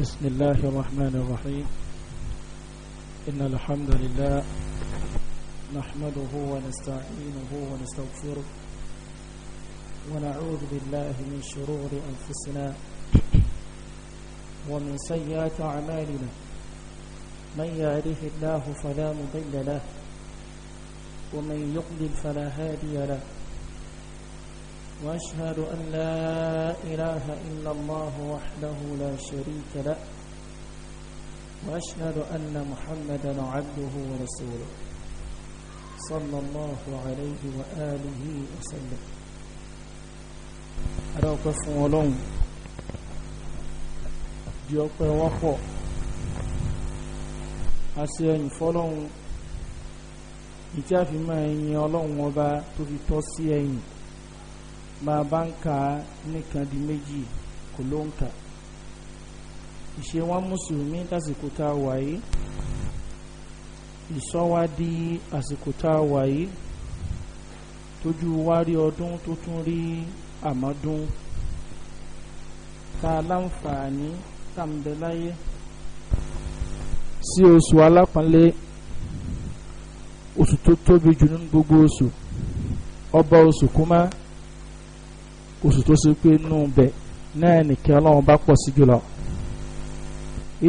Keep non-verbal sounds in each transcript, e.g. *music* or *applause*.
بسم الله الرحمن الرحيم إن الحمد لله نحمده ونستعينه ونستغفره ونعوذ بالله من شرور أنفسنا ومن سيئات أعمالنا من يهده الله فلا مضل له ومن يقلل فلا هادي له وأشهد أن لا إله إلا الله وحده لا شريك له وأشهد أن محمدا عبده ورسوله صلى الله عليه وآله وسلم أراك فولون ديوك وخو أسين فولون إتافي ما يولون وبا تفتوسي أين máa bá ne ka nìkan di méjì kò ló ń kà ìṣe wọn mùsùlùmí lásìkò tá a wà yìí ìsọwá di àsìkò tá a wà yìí tójú wá rí ọdún tó tún rí àmọ́dún tá láǹfààní tá sí oṣù alápọ̀nlé oṣù tó tóbi jù nínú gbogbo oṣù ọba oṣù kúmá oṣù tó ṣe pé inú bẹ náà nìkẹ́ ọlọ́run bá pọ̀ sí jùlọ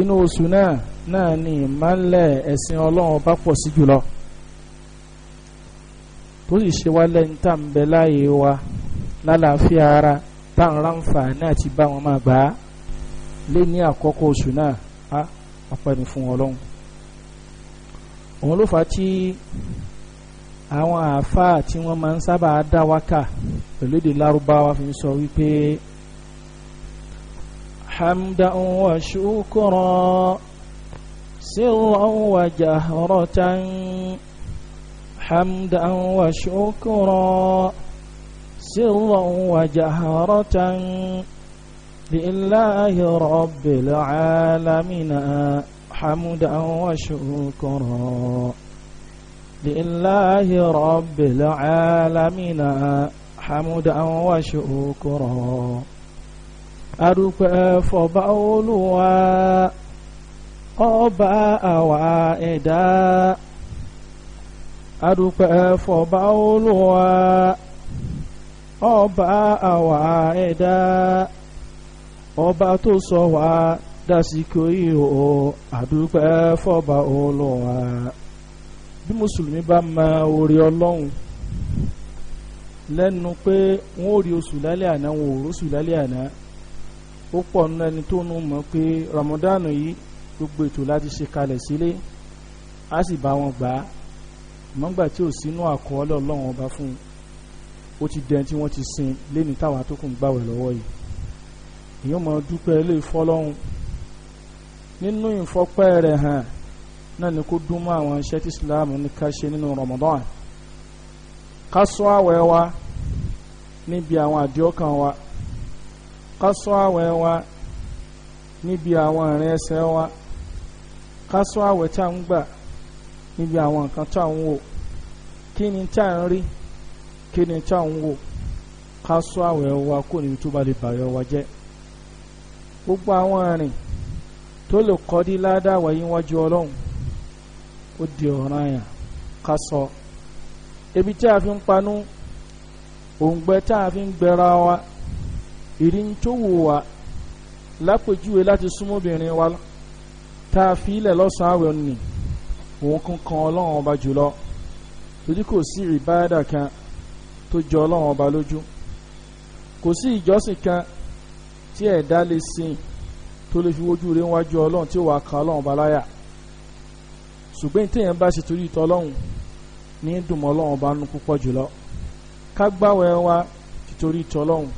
inú oṣù náà náà ni ìmọ̀lẹ̀ ẹ̀sìn ọlọ́run bá pọ̀ sí jùlọ tó sì ṣe wá lẹ́yìn tá à ń bẹ láàyè wa lálàáfíà ara tá à ń ráǹfààní àti bá wọn máa gbà á lé ní àkọ́kọ́ oṣù náà á apẹ́ni fún ọlọ́run òun ló fà á tí àwọn àáfàá tí wọ́n máa ń sábà dá wákà pẹ̀lú èdè lárúbáwá fi sọ wípé hamdan wa shukran sirran wa jahratan hamdan wa shukran sirran wa jahratan lillahi rabbil alamin hamdan wa shukran. لله رب العالمين حمدا وشكرا adúpẹ́ fọba olúwa ọba àwa ẹ̀dá adúpẹ́ fọba olúwa ọba àwa ẹ̀dá ọba tó sọ wá dásìkò yìí o adúpẹ́ fọba olúwa bí mùsùlùmí bá mọ orí ọlọ́run lẹ́nu pé wọ́n ò rí oṣù lálẹ́ àná wọn ò róṣù lálẹ́ àná ó pọ̀ nínú ẹni tó nu mọ̀ pé ramadanu yìí gbogbo ètò láti ṣe kalẹ̀ sílé a sì bá wọn gbà á mọ́ngbà tí ò sínú àkọọ́lẹ̀ ọlọ́run ọba fún un ó ti dẹ́n tí wọ́n ti sin lẹ́ni táwa tó kùn gbàwẹ̀ lọ́wọ́ yìí èèyàn mọ̀ dúpẹ́ ilé ìfọlọ́run nínú ìfọpẹ́ rẹ̀ hàn náà ni kó dún mọ́ àwọn iṣẹ́ tí islam ní ká ṣe nínú ramadan ká ṣọ́ àwẹ̀ wa níbi àwọn àdìọ́kàn wa ká ṣọ́ àwẹ̀ wa níbi àwọn ìrìn ẹsẹ̀ wa ká ṣọ́ àwẹ̀ tá à ń gbà níbi àwọn nǹkan tá à ń wò kí ni tá à ń rí kí ni tá à ń wò ká ṣọ́ àwẹ̀ wa kó níbi tó bá lè bàyọ̀ wa jẹ́ gbogbo àwọn ìrìn tó lè kọ́ dí ládàá wáyé wájú ọlọ́run ó di ọ̀ràn àyàn ká sọ ebi tí a fi ń panú òǹgbẹ tá a fi ń gbẹra wa ìrìntòwò wa lápèjúwe láti súnmọ́bìnrin wa tá a fi ilẹ̀ lọ́sàn-án àwẹ̀ nì òun kankan ọlọ́run ọba jùlọ torí kò sí ìbáàdà kan tó jọ ọlọ́run ọba lójú kò sí ìjọsìn kan tí ẹ̀dá lè sìn tó lè fi wojú rẹ̀ wájú ọlọ́run tí ó wà ọlọ́run ọba láyà ṣùgbọ́n téèyàn bá ṣe torí ìtọ́ ọlọ́run ní dùnmọ́ ọlọ́run bá nú púpọ̀ jùlọ ká gbàwẹ̀ wa títorí ìtọ́ ọlọ́run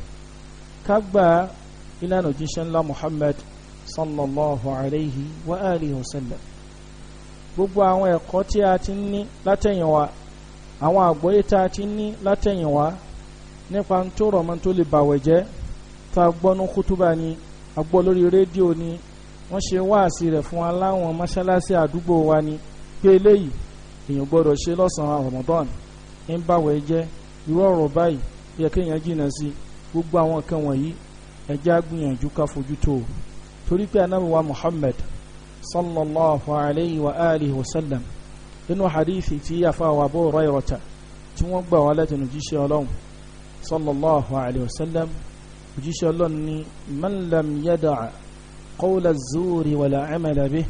ká gba ìlànà òjíṣẹ́ ńlá Muhammad sallallahu alayhi wa alihi wa sallam gbogbo àwọn ẹ̀kọ́ tí a ti ní látẹ̀yìn wa àwọn àgbọ́yé tá a ti ní látẹ̀yìn wa nípa tó rọ̀mọ́ tó lè bàwẹ̀ jẹ́ tá a gbọ́ ní kútúbà ni a gbọ́ lórí rédíò ni wọ́n ṣe wáàsí rẹ̀ fún aláwọn mọ́ṣáláṣí àdúgbò wa ni pé eléyìí èèyàn gbọ́dọ̀ ṣe lọ́sàn-án Ramadan ń báwẹ̀ jẹ́ irú ọ̀rọ̀ báyìí yẹ kéèyàn jìnnà sí gbogbo àwọn nǹkan wọ̀nyí ẹjẹ́ agbìyànjú ká fojú tó o torí pé anábìwá Muhammad sallallahu alayhi wa alihi wa sallam nínú hadithi tí àfàwà bó rọ́ìrọ̀tà tí wọ́n gbà wá látinú jíṣẹ́ ọlọ́run sallallahu alayhi wa sallam jíṣẹ́ ọlọ́run ni man lam yada qawla zuri wala amala bihi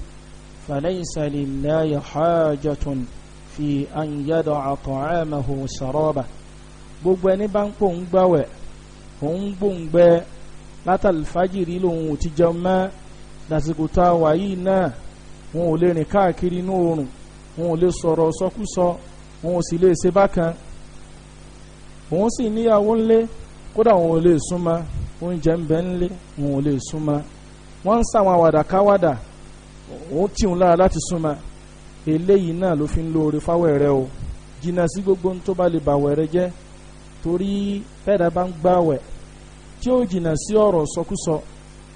فليس لله حاجة في أن يدع طعامه سرابة gbogbo ẹni bá a pò ń gbàwẹ̀ òun gbòǹgbẹ látàlfàjìrì lòun ò ti jẹun mọ́ lásìkò tá a wà yìí náà wọn ò lè rìn káàkiri inú oòrùn wọn ò lè sọ̀rọ̀ sọkúsọ wọn ò sì lè ṣe bákan òun sì níyàwó ńlé kódà wọn òun tì ń lára láti súnmọ́ eléyìí náà ló fi ń lo oore fáwẹ̀ rẹ o jìnnà sí gbogbo tó bá lè bàwẹ̀ rẹ jẹ́ torí fẹ́ẹ̀dá bá ń gbàwẹ̀ tí ó jìnnà sí ọ̀rọ̀ sọkúsọ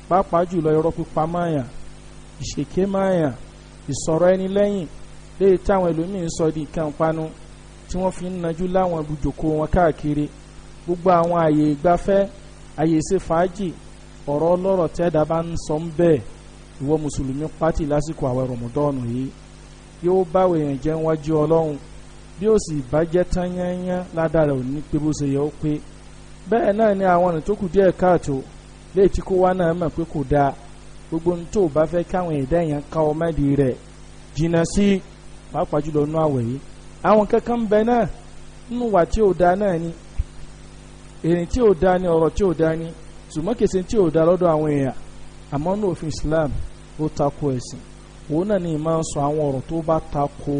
pàápàá jùlọ irọ́ pípa máyà ìṣèké máyà ìsọ̀rọ̀ ẹni lẹ́yìn léyìí táwọn ẹlòmíín sọ di nǹkan panu tí wọ́n fi ń najú láwọn ibùjòkó wọn káàkiri gbogbo àwọn àyè ìgbafẹ́ àyè ìṣe fàájì ọ̀rọ̀ ọlọ́rọ̀ bá ń sọ ń bẹ́ẹ̀ ìwọ mùsùlùmí pátì lásìkò àwẹ̀ rọ̀mọ̀dọ́ọ̀nù yìí yóò báwo èèyàn jẹ́ níwájú ọlọ́run bí ó sì bá jẹ́ tán yányán ládàá pé bó ṣe yẹ ó pé bẹ́ẹ̀ náà ni àwọn ọ̀nà tó kù díẹ̀ káàtó léè tí kó wá náà mọ̀ pé kò dáa gbogbo ohun tó o bá fẹ́ káwọn ẹ̀dá èèyàn ká ọ mẹ́ẹ̀dì rẹ̀ jìnnà sí pàápàá jùlọ nú àwẹ̀ yìí àwọn kankan bẹ náà nínú wà tí ò dáa náà ni èrè tí ò dáa ni ọ̀rọ̀ tí ò dáa ni ṣùgbọ́n tí ò dáa lọ́dọ̀ àwọn èèyàn àmọ́ ní òfin Islam ó tako ẹ̀sìn òun náà ni máa ń sọ àwọn ọ̀rọ̀ tó bá tako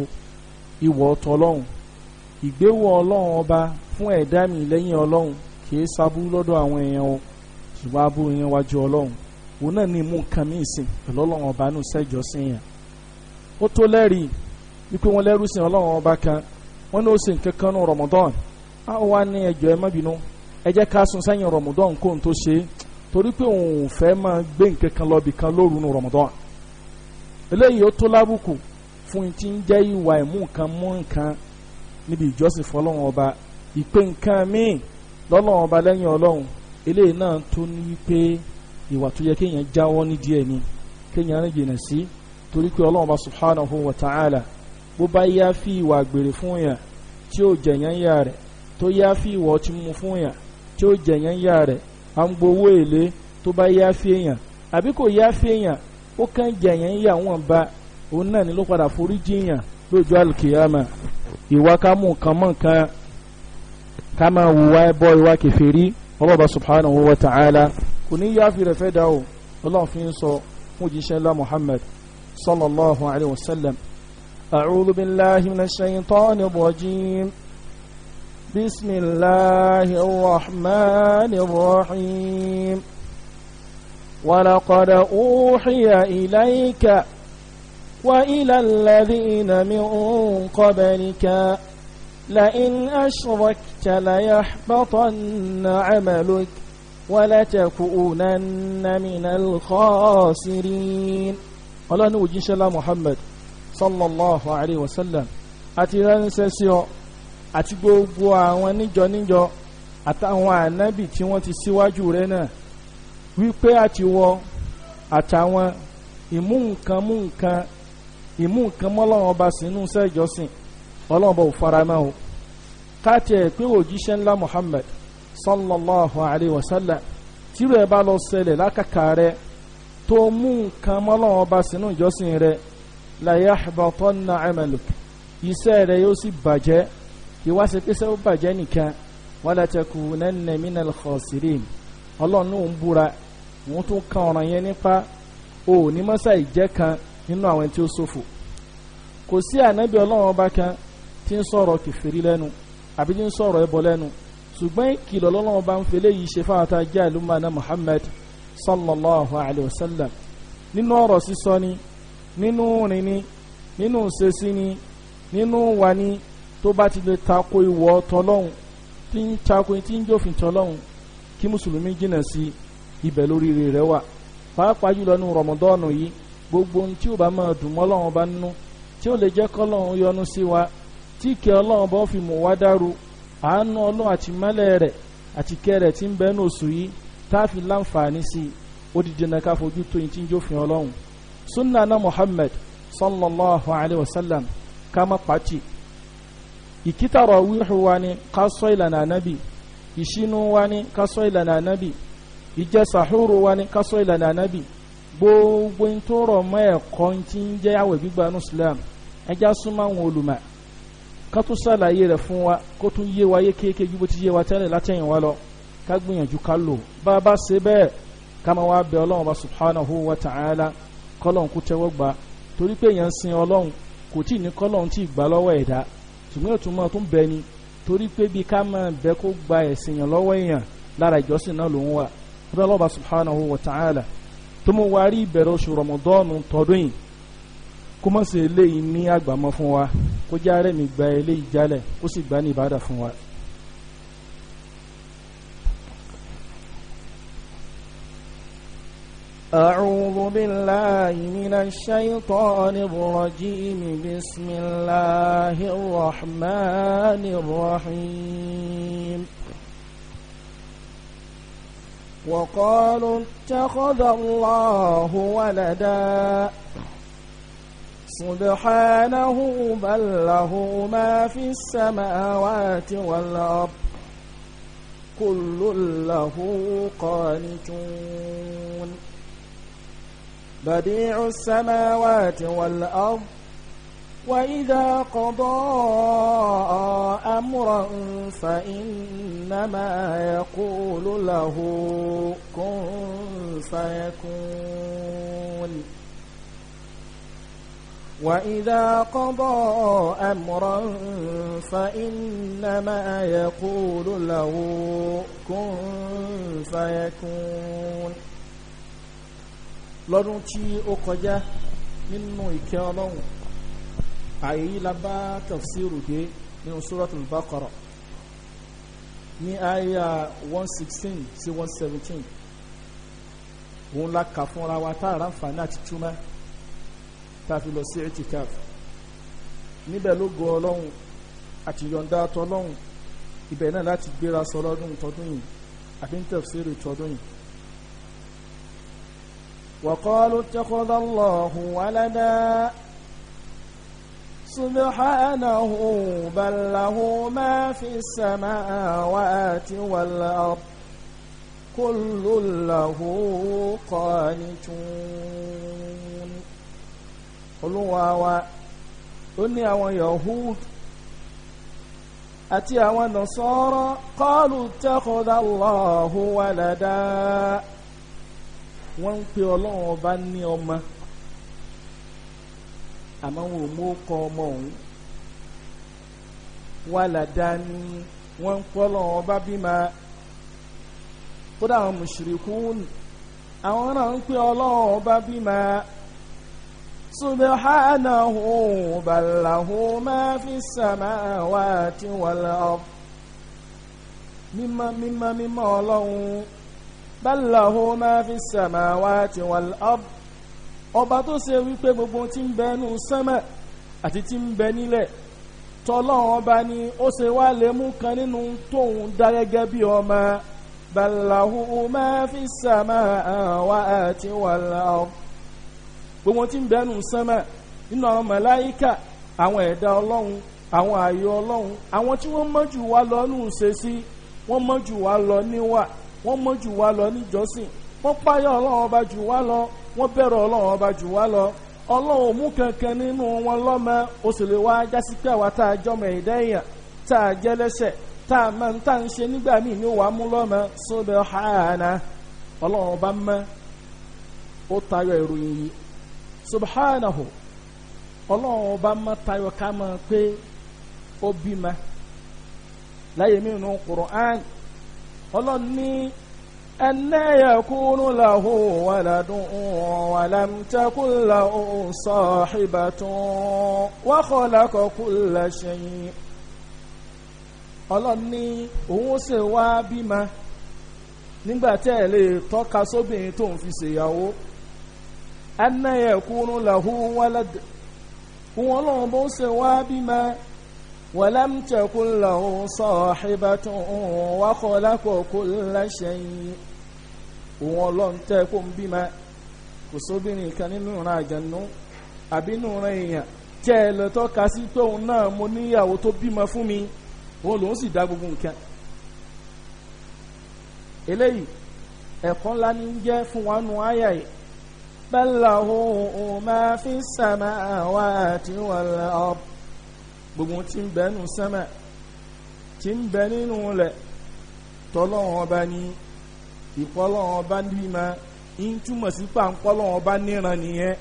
ìwọ̀ ọ̀tọ̀ ọlọ́run ìgbéwò ọlọ́run ọba fún ẹ̀dá mi lẹ́yìn ọlọ́run kìí sábú lọ́dọ̀ àwọn èèyàn o ṣùgbọ́n abú èèyàn wájú ọlọ́run òun náà ni mú nǹkan mí sìn pẹ̀lú ọlọ́run ọba nù sẹ́jọ́ sí yẹn ó tó lẹ́rìí wípé wọ́n lẹ́rú sìn ọlọ́run ọba kan wọ́n ní ó sì nǹkan nù Ramadan á wá ní ẹjọ́ ẹ má bínú ẹ ká sún sẹ́yìn Ramadan kó tó ṣe é torí pé òun ò fẹ́ máa gbé nǹkan kan lọ bìkan lóru nu Ramadan eléyìí ó tó lábùkù fún ti ń jẹ́ ìwà ìmú nǹkan mú nǹkan níbi ìjọsìn fọlọ́run ọba ìpè nǹkan míì lọ́lọ́run ọba lẹ́yìn ọlọ́run eléyìí náà tó ní wípé ìwà tó yẹ kéèyàn jáwọ́ ní díẹ̀ ni kéèyàn rìn jìnnà sí torí pé ọlọ́run ọba subhanahu wa ta'ala bó bá yá fi ìwà àgbèrè fún yàn tí ó jẹ̀yàn yà rẹ̀ tó yá fi ìwà ọtí mu fún yàn tí ó jẹ̀yàn yà rẹ̀ à ń gbowó èlé tó bá yá fi èèyàn àbí kò yá fi èèyàn ó kàn jẹ̀yàn ń yà wọ́n ba òun náà ni ló padà forí jiyàn lójú alùkìyàmà ìwà ká mú nǹkan mọ́ nǹkan ká máa wùwá ẹbọ ìwà kẹfẹ́rí ọlọ́ba subhanahu wa ta'ala kò ní yáfi rẹ̀ fẹ́ dá ọlọ́run fi ń sọ fún jíṣẹ́ ńlá muhammad sallallahu alayhi wa sallam a'udhu billahi minash shaytanir rajim. بسم الله الرحمن الرحيم ولقد أوحي إليك وإلى الذين من قبلك لئن أشركت ليحبطن عملك ولتكونن من الخاسرين قال نوجي محمد صلى الله عليه وسلم ránṣẹ́ sí ọ àti gbogbo àwọn níjọ níjọ àtàwọn ànábì tí wọ́n ti síwájú rẹ náà wípé àtiwọ àtàwọn ìmú nǹkan mú nǹkan ìmú nǹkan mọ́lọ́run ọba sínú sẹ́jọ́sìn ọlọ́run bá ò faramọ́ o káàtì ẹ̀ pé òjíṣẹ́ ńlá Muhammad sallallahu alayhi wa sallam tírú ẹ̀ bá lọ ṣẹlẹ̀ lákàkà rẹ tó mú sínú ìjọ́sìn rẹ la yahbatanna amaluk iṣẹ́ rẹ yóò sì bàjẹ́ kí wá ṣe pé sẹ́wọ́n bàjẹ́ nìkan wala takunanna minal khasirin ọlọ́run náà ń búra wọ́n tún kan ọ̀ràn yẹn nípa òní mọ́sá ìjẹ́ kan nínú àwọn tí ó ṣòfò kò sí ànábì ọlọ́run ọba kan tí ń sọ̀rọ̀ kìfìrí lẹ́nu àbí tí ń sọ̀rọ̀ ẹbọ lẹ́nu ṣùgbọ́n ìkìlọ̀ ọlọ́run ọba ń fele yìí ṣe fáwọn tá jẹ́ àlùmọ́ọ́nà Muhammad sallallahu alayhi wa sallam nínú ọ̀rọ̀ sísọ ni nínú rìn ni nínú ṣe sí ni nínú wà ni tó bá ti lè tako ìwọ tọlọ́hun tí ń tako tí ń jófin tọlọ́hun kí mùsùlùmí jìnnà sí ibẹ̀ lóríire rẹ̀ wà pàápàá jùlọ ní rọmọdọ́ọ̀nù yìí gbogbo ohun tí ó bá máa dùn mọ́lọ́hun bá nínú tí ó lè jẹ́ kọ́lọ́hun yọ́nú sí wa tí ìkẹ́ ọlọ́hun bá fi mú wa dàrú àánú ọlọ́hun àti mẹ́lẹ̀ rẹ̀ àti kẹ́ rẹ̀ ti ń bẹ́ẹ̀ ní yìí tá a fi láǹfààní sí i ó di dandan ká fojú tó yìí tí ń jófin ọlọ́hun sunna na Muhammad sallallahu alayhi wa sallam ká má pàtì ìkítàrọ̀ wíhù wa ni ká sọ ìlànà ànábì ìṣínú wa ni ká sọ ìlànà ànábì ìjẹ sàhúrù wa ni ká sọ ìlànà ànábì gbogbo ń tó rọ̀ mọ́ ẹ̀kọ́ tí ń jẹ́ àwẹ̀ gbígbà ní islam ẹja súnmọ́ àwọn olùmọ̀ ká tún ṣàlàyé rẹ̀ fún wa kó tún yé wa yé ju bó ti yé wa tẹ́lẹ̀ látẹ̀yìn wa lọ ká gbìyànjú ká lò bá a bá ṣe bẹ́ẹ̀ ká máa wá bẹ ọlọ́run subhanahu wa ta'ala kọ́lọ́n kó tẹ́wọ́ gbà torí pé èèyàn sin ọlọ́run kò tí ì ní kọ́lọ́n tí ì gbà lọ́wọ́ ẹ̀dá ṣùgbọ́n ìtumọ̀ tó ń bẹ ni torí pé bí ká máa bẹ kó gba ẹ̀sìn yàn lọ́wọ́ èèyàn lára ìjọsìn náà lòún wà fúnra lọ́ba subhanahu wa ta'ala tó mú wa rí ìbẹ̀rẹ̀ oṣù rọmọdọ́ọ̀nù tọdún yìí kó mọ̀ sí eléyìí ní àgbàmọ́ fún wa kó já rẹ̀ mi gba eléyìí jálẹ̀ kó sì gbá ní ìbádà fún wa. أعوذ بالله من الشيطان الرجيم بسم الله الرحمن الرحيم وقالوا اتخذ الله ولدا سبحانه بل له ما في السماوات والأرض كل له قانتون بديع السماوات والأرض وإذا قضى أمرا فإنما يقول له كن فيكون وإذا قضى أمرا فإنما يقول له كن فيكون lọ́dún tí ó kọjá nínú ìkẹ́ ọlọ́run àyè yìí la bá tafsiru dé nínú suratul baqara ní àyà one sixteen sí one seventeen òun la kà fúnra wa tá a ra nfààní àti túmọ̀ tá a fi lọ sí etikaf níbẹ̀ ló gọ ọlọ́run àti yọ̀ǹda tọ́lọ́run ibẹ̀ náà láti gbéra sọ lọ́dún tọdún yìí àbí ń tafsiru tọdún yìí. وقالوا اتخذ الله ولدا سبحانه بل له ما في السماوات والأرض كل له قانتون قل واوا أني ní يهود أتي àti نصارى قالوا اتخذ الله ولدا wọ́n ń pe ọlọ́run ọba ní ọmọ àmọ́ wọn ò mú kọ ọmọ òun wàlàdá ni wọ́n ń pọ́ ọlọ́run ọba bímọ kódà àwọn mushrikun àwọn náà ń pe ọlọ́run ọba bímọ subhanahu balahu ma fi samawati wal ard mímọ́ mímọ́ mímọ́ ọlọ́run bal lahu ma fi samawati wal ard ọba tó ṣe wípé gbogbo tí ń bẹ nù sánmà àti tí ń bẹ nílẹ̀ tọ́lọ́run ọba ni ó ṣe wá lè mú kan nínú tóun dá gẹ́gẹ́ bí ọmọ bal lahu ma fi samawati wal ard gbogbo tí ń bẹ nù sánmà nínú àwọn màláíkà àwọn ẹ̀dá ọlọ́run àwọn ààyè ọlọ́run àwọn tí wọ́n mọ̀ wá lọ ṣe sí wọ́n mọ̀ wá lọ níwà. wọ́n mọ̀ jù wá lọ níjọ́sìn wọ́n páyà ọlọ́run ọba jù wá lọ wọ́n bẹ̀rù ọlọ́run ọba jù wá lọ ọlọ́run mú kankan nínú wọn lọ́mọ o sì lè wá jásí pé àwa tá a jọmọ ẹ̀dá èèyàn tá a jẹ́ lẹ́sẹ̀ tá a máa ń nígbà míì ní wàá mú lọ́mọ sóbẹ̀ ọlọ́run ọba mọ́ ó tayọ ìròyìn yìí ọlọ́run ọba mọ́ tayọ ká ọlọ́run ní ẹnẹ́yẹ kúrú làhù wàlàdùn wàlàmtẹ́kùlà sọ̀hìbàtún wákọ̀ọ́lákọ̀ọ́kùlà ṣẹ̀yìn ọlọ́run ní òun ṣe wá bímọ nígbà tí ẹ lè tọ́ka sóbìnrin tó ń fi ṣèyàwó ẹnẹ́yẹ kúrú làhù wàlàdùn òun ọlọ́run bó ń ṣe wá bímọ. ولم تكن له صاحبة وخلق كل شيء ولم تكن بما kòsóbìnrin kan nínú ìran àjànú àbínú ìran èèyàn tẹ́ ẹ lọ tọ́ka sí pé òun náà mo níyàwó tó bímọ fún mi òun lòun sì dá gbogbo nǹkan. eléyìí ẹ̀kọ́ ńlá ní jẹ́ fún wa nu àyà yìí bal lahu ma fi samawati wal ard gbogbo tí ń bẹ nù sánmà tí ń bẹ nínú lẹ̀ tọ́lọ́wọ́n ọba ní ìpọ́lọ́wọ́n ọba níma ń túmọ̀ sí pàǹpọ́lọ́wọ́n ọba níran nìyẹn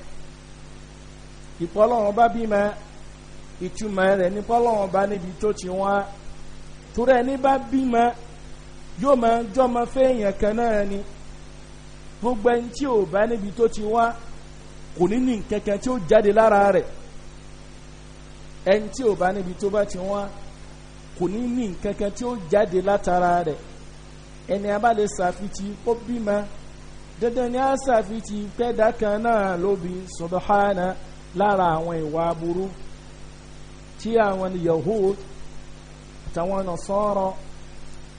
ìpọ́lọ́wọ́n ọba bímọ ìtumọ̀ rẹ̀ ní pọ́lọ́wọ́n ọba níbi tó ti wá torí ẹni bá bímọ yóò máa jọ́mọ fẹ́yàn kan náà ni gbogbo ẹni tí ò bá níbi tó ti wá kò ní ní tí ó jáde lára rẹ̀ ẹni tí ò bá níbi tó bá ti wá kò ní ní nǹkan kan tí ó jáde látara rẹ̀ ẹni a bá lè ṣàfitì ó bímọ dandan ni a ṣàfitì pẹ́ẹ́dá kan náà ló bí lára àwọn ìwà aburú tí àwọn yahood àtàwọn nasọ́rọ̀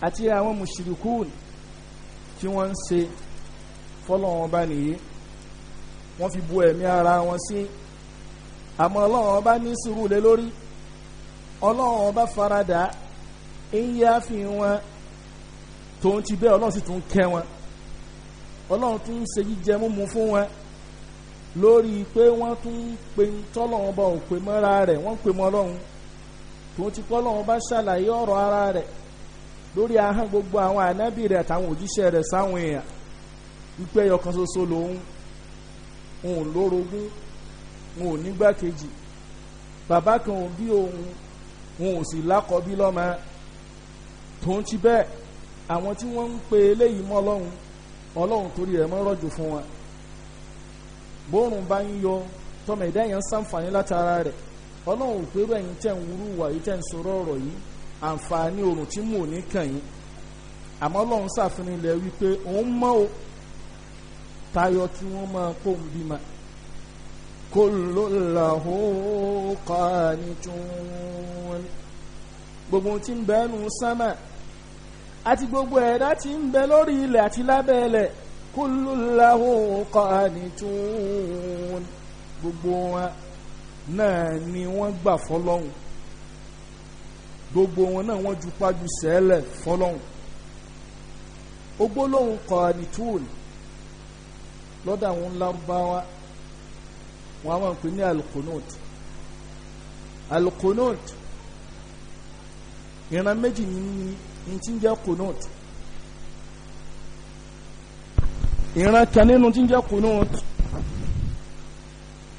àti àwọn mushrikun tí wọ́n ń ṣe fọ́lọ́wọ́n bá nìyí wọ́n fi bu ẹ̀mí ara wọn sí. Si àmọ́ ọlọ́run ọba ní sùúrù lé lórí ọlọ́run ọba faradà ń yá fi wọn tòun ti bẹ́ẹ̀ ọlọ́run sì tún kẹ́ wọn ọlọ́run tún ń ṣe jíjẹ múmu fún wọn lórí pé wọ́n tún ń pe tọ́lọ́run bá òun pè mọ́ra rẹ̀ wọ́n pè mọ́ ọlọ́run tòun ti kọ́ ọlọ́run bá ṣàlàyé ọ̀rọ̀ ara rẹ̀ lórí ahọ́n gbogbo àwọn ànábì rẹ̀ àtàwọn òjíṣẹ́ rẹ̀ sáwọn èèyàn wípé ṣoṣo lòun òun lórogún wọn ò nígbàkejì bàbá kan ò bí òun wọn ò sì lákọ̀ọ́bí lọ́mọ tó ń ti bẹ́ẹ̀ àwọn tí wọ́n ń pe eléyìí mọ́ ọlọ́run ọlọ́run torí rẹ̀ mọ́ rọ̀jò fún wọn bóòrùn bá ń yọ tọmọ ẹ̀dá yẹn ń sàǹfààní látara rẹ̀ ọlọ́run ò pérò ẹ̀yin tẹ̀ ń wúrú wà yìí tẹ̀ ń sọ̀rọ̀ ọ̀rọ̀ yìí àǹfààní oòrùn tí mò ní kàn yín àmọ́ ọlọ́run ṣàfihàn ilẹ̀ wípé òun mọ́ o tayọ kí wọ́n máa kó òun bímọ كل له قانتون gbogbo tí ń bẹ nù sánmà àti gbogbo ẹ̀dá tí ń bẹ lórí ilẹ̀ àti lábẹ́ ilẹ̀ kullu lahu qanitun gbogbo wọn náà ni wọ́n gbà fọlọ́hún gbogbo wọn náà wọ́n ju pájú sẹ́lẹ̀ fọlọ́hún ogbólóhùn qanitun lọ́dọ̀ àwọn Lárúbáwá wọn a máa ń pè ní alukonot alukonot ìran méjì ní ti ń jẹ́ konot ìran kan nínú ti ń jẹ́ konot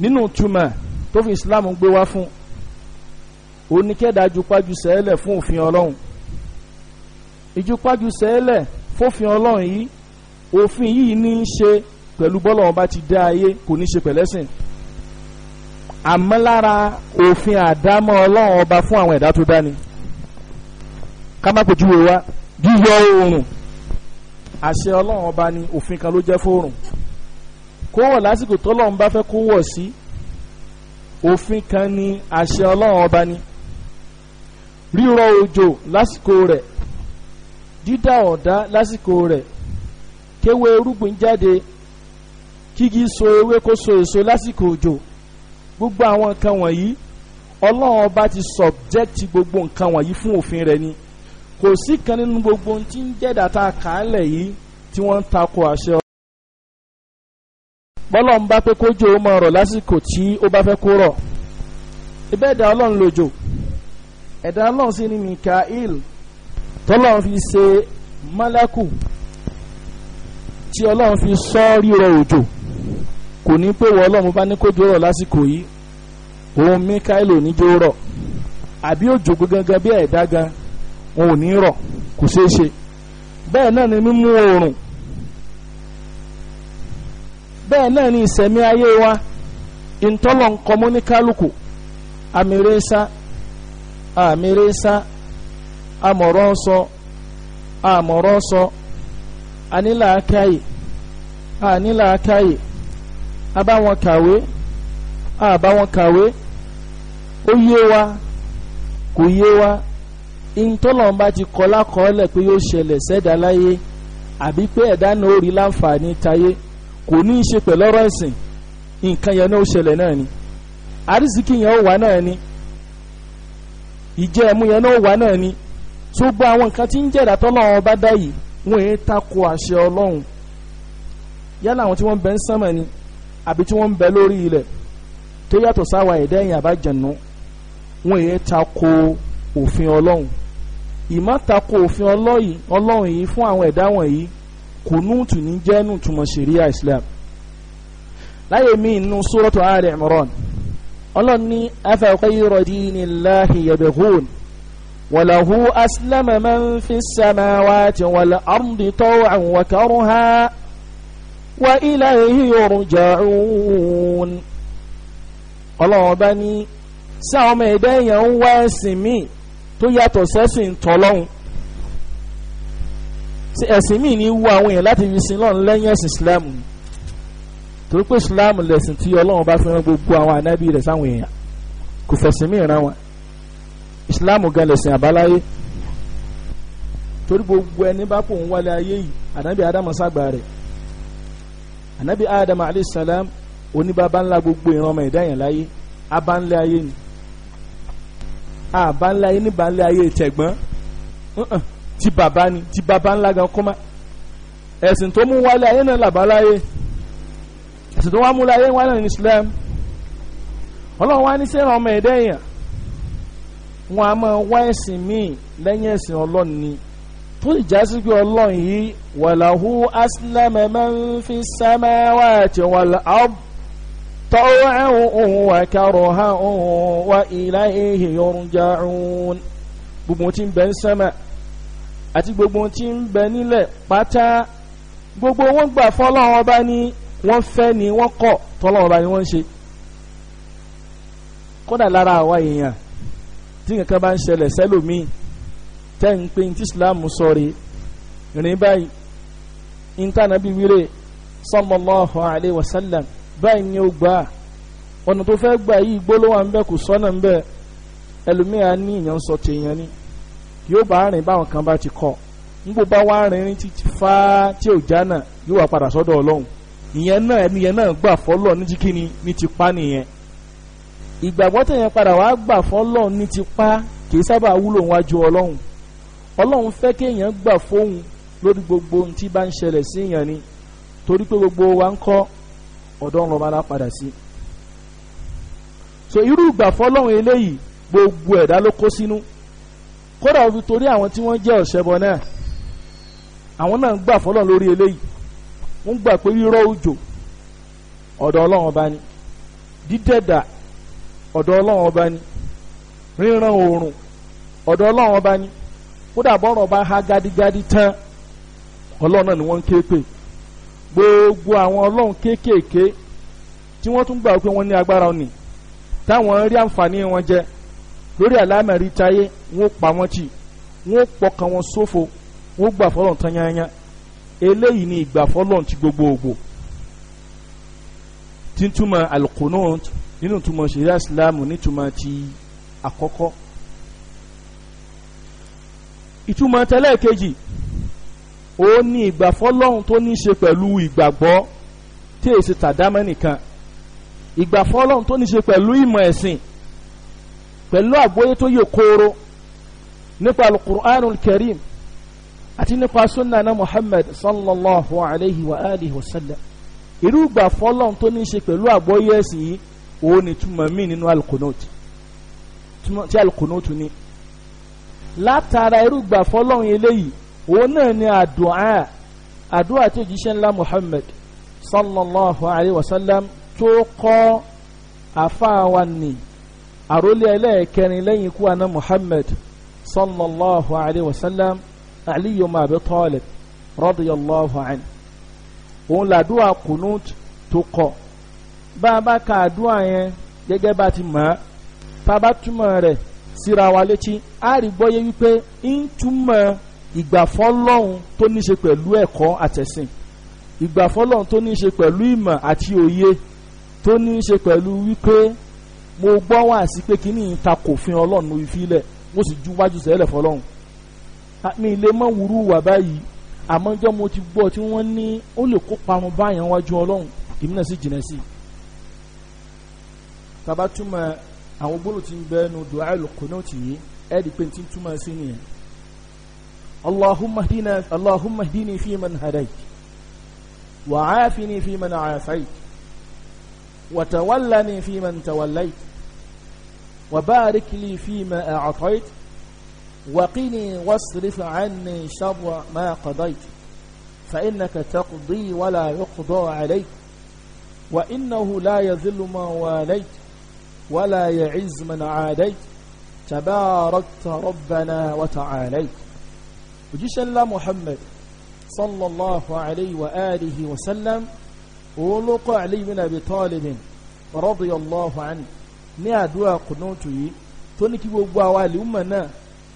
nínú túmọ̀ tó fi Islam gbé wá fún oníkẹ́dájú pájú sẹ́lẹ̀ fún òfin Ọlọ́run ìjúpájú sẹ́lẹ̀ fófin Ọlọ́run yìí òfin yìí ní í ṣe pẹ̀lú bọ́lọ́run bá ti dá ayé kò ní í ṣe pẹ̀lẹ́sìn àmọ́ lára òfin àdámọ́ ọlọ́run ọba fún àwọn ẹ̀dá tó dání ká má pèjúwe wa yíyọ oòrùn àṣẹ ọlọ́run ọba ni òfin kan ló jẹ́ fóòrùn kó wọ̀ lásìkò tọ́lọ́run bá fẹ́ kó wọ̀ sí òfin kan ni àṣẹ ọlọ́run ọba ni rírọ òjò lásìkò rẹ̀ dídá ọ̀dá lásìkò rẹ̀ kéwé irúgbìn jáde kígi so ewé kó so èso lásìkò òjò gbogbo àwọn nǹkan wọ̀nyí ọlọ́run ọba ti subject gbogbo nǹkan wọ̀nyí fún òfin rẹ̀ ni kò sí kan nínú gbogbo ohun tí ń jẹ́dá tá a kà á lẹ̀ yìí tí wọ́n ń takò àṣẹ bọ́lọ̀ ń bá pé kójò ó máa rọ̀ lásìkò tí ó bá fẹ́ kó rọ̀ ibẹ̀ ẹ̀dá ọlọ́run lòjò ẹ̀dá ọlọ́run sì ni Mikael tọ́lọ́run fi ṣe mọ́lẹ́kù tí ọlọ́run fi sọ rírọ̀ òjò kò ní pé wọ́n ọlọ́run bá ní kó jórọ̀ lásìkò yìí òun Míkáílì ò ní jórọ̀ àbí òjò gangan bí ẹ̀dá gan òun ò ní rọ̀ kò ṣeé ṣe bẹ́ẹ̀ náà ni mímú oòrùn bẹ́ẹ̀ náà ni ìsẹ̀mí ayé wa ìtọ́lọ̀ nǹkan ní kálukú amírésá amírésá amọ̀rọ̀ sọ anílàákàyè anílàákàyè a bá wọn kàwé a bá wọn kàwé ó yé wa kò yé wa ìtọ́lọ́n bá ti kọ́ lákọ́ọ́lẹ̀ pé yóò ṣẹlẹ̀ sẹ́dá láyé àbí pé ẹ̀dá náà ó rí láǹfààní táyé kò ní í ṣe pẹ̀lú ọ̀rọ̀ ẹ̀sìn nǹkan yẹn náà ó ṣẹlẹ̀ náà ni àrísìkí yẹn ó wà náà ni ìjẹ́ ẹ̀mú yẹn náà ó wà náà ni tó gbọ́ àwọn nǹkan tí ń jẹ́ ìdátọ́lọ́run bá dá yìí wọ́n èé tako àṣẹ ọlọ́run yálà àwọn tí wọ́n bẹ ń sánmọ̀ ni àbí tí wọ́n ń bẹ lórí ilẹ̀ tó yàtọ̀ sáwa ẹ̀dá ẹ̀yìn àbájẹ̀nu wọn èyí tako òfin ọlọ́run ìmọ̀ tako òfin ọlọ́run yìí fún àwọn ẹ̀dá wọ̀nyí kùnúùtù ní jẹ́nu túmọ̀ ṣẹ̀ríà Islam láyé mi inú sórọ́tò ààrẹ Imran ọlọ́run ní afa ghayra dinillahi yabghun walahu aslama man fi samawati wal ardi taw'an وإليه يرجعون ọlọ́run ọba ní sí àwọn ọmọ ẹ̀dá èèyàn ń wá ẹ̀sìn míì tó yàtọ̀ sẹ́sìn tọ́lọ́hún ẹ̀sìn míì ní wú àwọn èèyàn láti fi sin lọ́run lẹ́yìn ẹ̀sìn Islam torí pé Islam lẹ̀sìn tí ọlọ́run bá fi rán gbogbo àwọn ànábì rẹ̀ sáwọn èèyàn kò fẹ̀sìn míì rán wọn Islam gan lẹ̀sìn àbáláyé torí gbogbo ẹni bá pò ń wálé ayé yìí ànábì Ádámù sàgbà rẹ̀ anabi adam alayhisalam oníbàbá ńlá gbogbo ìran ọmọ ẹ̀dá yẹn láyé abánlé ayé ni abánlé ayé ní banlé ayé tẹ̀gbọ́n ti bàbá ni ti bàbá ńlá gan kọ́má ẹ̀sìn tó mú wálé ayé náà làbá láyé ẹ̀sìn tó wá mú láyé wá náà ní islam ọlọ́run wá ní sẹ́ran ọmọ ẹ̀dá yẹn wọn a máa wá ẹ̀sìn míì lẹ́yìn ẹ̀sìn ọlọ́run ni tó sì já sí pé ọlọ́run yìí wàláhù aslama man fi samawati wal ard طوعا وكرها وإليه يرجعون gbogbo tí ń bẹ ní sẹ́mà àti gbogbo tí ń bẹ nílẹ̀ pátá gbogbo wọn gbà fọlọ́wọ́n bá ní wọ́n fẹ́ ni wọ́n kọ̀ tọ́lọ́wọ́n bá ní wọ́n ṣe kódà lára àwa èèyàn tí nǹkan bá ń ṣẹlẹ̀ sẹ́lòmíì tẹ́ ń pè ní tísìlámù sọ̀rọ̀ rìn báyìí intanẹ́bí wíre sallallahu alayhi wa báyìí ni ó gbà á ọ̀nà tó fẹ́ gbà yìí gbólóhà ń bẹ kò sọ́nà ń bẹ ẹlòmíà ní ìyàn sọ tèèyàn ni ti bá wá rìn rìn títí fá tí ò yóò wá padà ìyẹn gbà fọlọ ní ti kíni ní ti padà wá gbà fọlọ ní ọlọ́run fẹ́ kéèyàn gbà fóun lórí gbogbo ohun tí bá ń ṣẹlẹ̀ sí èèyàn ni torí pé gbogbo wa ń kọ́ ọ̀dọ́ ọ̀rọ̀ bá padà sí. so irú ìgbà fọlọ́run eléyìí gbogbo ẹ̀dá ló kó sínú kódà òfin torí àwọn tí wọ́n jẹ́ ọ̀ṣẹ́bọ náà àwọn náà ń gbà fọlọ́run lórí eléyìí wọ́n gbà pé rírọ̀ òjò ọ̀dọ̀ ọlọ́run ọba ni dídẹ̀dà ọ̀dọ̀ ọlọ́run ọba ni ríran oòrùn ọ̀dọ̀ ọlọ́run ọba ni kódà bọ́rọ̀ bá há gádígádí tán ọlọ́run náà ni wọ́n ń ké pè gbogbo àwọn ọlọ́run kéékèèké tí wọ́n tún gbà pé wọ́n ní agbára òní táwọn rí àǹfààní wọn jẹ lórí àlámẹ̀rí táyé wọ́n pa wọ́n tì wọ́n pọkàn wọn sófo wọ́n gbà fọlọ́n tán yányán eléyìí ni ìgbà fọlọ́n ti gbogbogbò tí ń túmọ̀ àlùkò nínú túmọ̀ ṣẹ̀ríà Ìsìlámù nítumọ̀ ti àkọ́kọ́ ìtumọ̀ tẹ́lẹ̀ kejì ó ní ìgbàfọ́lọ́hún tó ní í ṣe pẹ̀lú ìgbàgbọ́ tí èsì tàdámẹ́ nìkan ìgbàfọ́lọ́hún tó ní í ṣe pẹ̀lú ìmọ̀ ẹ̀sìn pẹ̀lú àgbóyé tó yẹ kóró nípa alukur'anul karim àti nípa sunna na muhammad sallallahu alayhi wa alihi wa sallam irú ìgbàfọ́lọ́hún tó ní í ṣe pẹ̀lú àgbóyé ẹ̀sìn yìí òun ni túmọ̀ mí nínú alukunut tí látara irúgbà fọlọ́run eléyìí òun náà ni àdúà àdúà tí òjíṣẹ́ ńlá Muhammad sallallahu alayhi wa sallam tó kọ́ àfáàwá ni àrólé ẹlẹ́ẹ̀kẹrin lẹ́yìn ikú àná Muhammad sallallahu alayhi wa sallam Ali ibn Abi Talib radiyallahu anhu òun làdúà kùnút tó kọ́ bá a bá ka àdúà yẹn gẹ́gẹ́ bá ti mọ̀ tá a bá túmọ̀ rẹ̀ síra wa létí a rí gbọ́yé wípé ń túmọ̀ ìgbàfọ́lọ́hún tó ní ṣe pẹ̀lú ẹ̀kọ́ àtẹ̀sìn ìgbàfọ́lọ́hún tó ní ṣe pẹ̀lú ìmọ̀ àti òye tó ní ṣe pẹ̀lú wípé mo gbọ́ wá sí pé kíní yìí ta kò fin ọlọ́run mo fi lẹ̀ mo sì ju wájú sẹ́lẹ̀ fọlọ́hún mi ilé mọ́ wúrú wà báyìí àmọ́jọ́ mo ti gbọ́ tí wọ́n ní ó lè kó parun báyẹn wájú ọlọ́run èmi náà sì jìnnà sí i tabatuma àwọn gbólóhùn tí ń bẹ nu dùá al-qunut yìí ẹ di pé n ti túmọ̀ sí nìyẹn. allahumma hdina allahumma hdini fi man hadayt wa aafini fi man aafayt wa tawallani fi man tawallayt wa barik li fi ma wa qini a'tayt وقني واصرف عني شر ما قضيت فإنك تقضي ولا يقضى wa innahu لا يذل ma واليت ولا يعز من عاديت تباركت ربنا وتعاليت وجيش الله محمد صلى الله عليه وآله وسلم ولقى علي من أبي طالب رضي الله عنه ní àdúrà kùnúùtù yìí tó ní kí gbogbo àwa àlùmọ̀ náà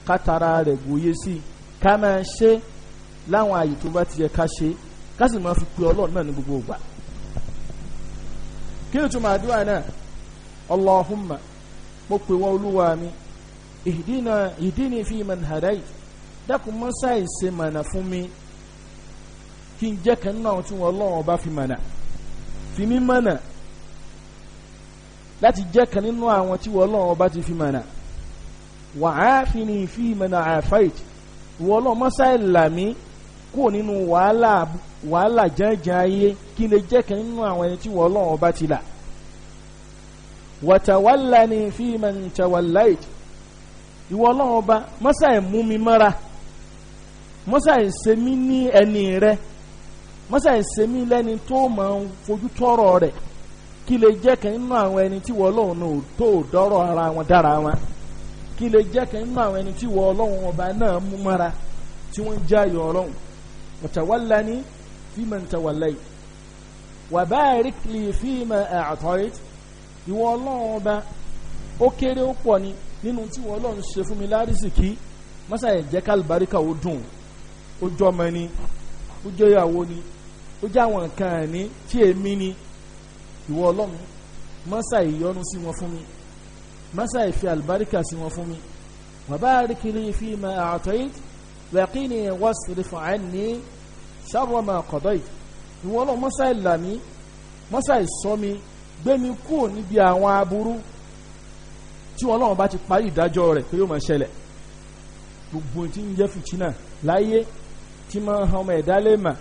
ká tara rẹ̀ gbòye sí i ká máa ṣe láwọn àyè tó bá ti yẹ ká ṣe ká sì máa fi pe ọlọ́run náà ní gbogbo ìgbà. kí ni ìtumọ̀ àdúrà náà allahumma mo pè wọ́n olúwa mi ìdínà ìdínì fi man hadayt dákun mọ́ sáì ṣe mànà fún mi kí n jẹ́ kan náà tí wọ́n lọ́wọ́ bá fi mànà fi mí mànà láti jẹ́ kan nínú àwọn tí wọ́n lọ́wọ́ bá ti fi mànà wa aafini fi man aafait wọ́n lọ́wọ́ mọ́ sáì là mí kúrò nínú wàhálà wàhálà jẹ́jẹ́ ayé kí n lè jẹ́ kan nínú àwọn ẹni tí wọ́n lọ́wọ́ bá ti là wàtàwálàní fi man tawallayt ìwọ ọlọ́run ọba mọ́sá ẹ̀ mú mi mọ́ra mọ́sá ẹ̀ ṣe mí ní ẹni rẹ mọ́sá ẹ̀ ṣe mí lẹ́ni tó máa ń fojú tọ́rọ̀ rẹ̀ kí lè jẹ́ kan nínú àwọn ẹni tí ìwọ ọlọ́run tó dọ́rọ̀ ara wọn dára wọn kí lè jẹ́ kan nínú àwọn ẹni tí ìwọ ọlọ́run ọba náà mú mọ́ra tí wọ́n ń já ayọ̀ ọlọ́run wàtàwálàní fi man tawallayt ìwọ ọlọ́run ọba ó kéré ó pọ̀ ni nínú tí ìwọ ọlọ́run ṣe fún mi lárísìkí mọ́sá yẹn jẹ́ kálùbáríkà ó dùn ó jọ ọmọ ni ó jẹ́ ìyàwó ni ó jẹ́ àwọn nǹkan àní tí èmi ni ìwọ ọlọ́run mọ́sá ìyọ́nú sí wọn fún mi mọ́sá ìfi àlùbáríkà sí wọn fún mi وبارك لي فيما أعطيت وقيني واصرف عني شر ما قضيت ìwọ Ọlọ́run mọ́sá ìlà mi mọ́sá ìsọ́ mi gbéni kúrò níbi àwọn aburú tí ọlọ́run bá ti parí ìdájọ́ rẹ̀ pé yóò máa ṣẹlẹ̀ gbogbo tí ń jẹ́ fìtínà láyé tí máa han ọmọ ẹ̀dá lè mà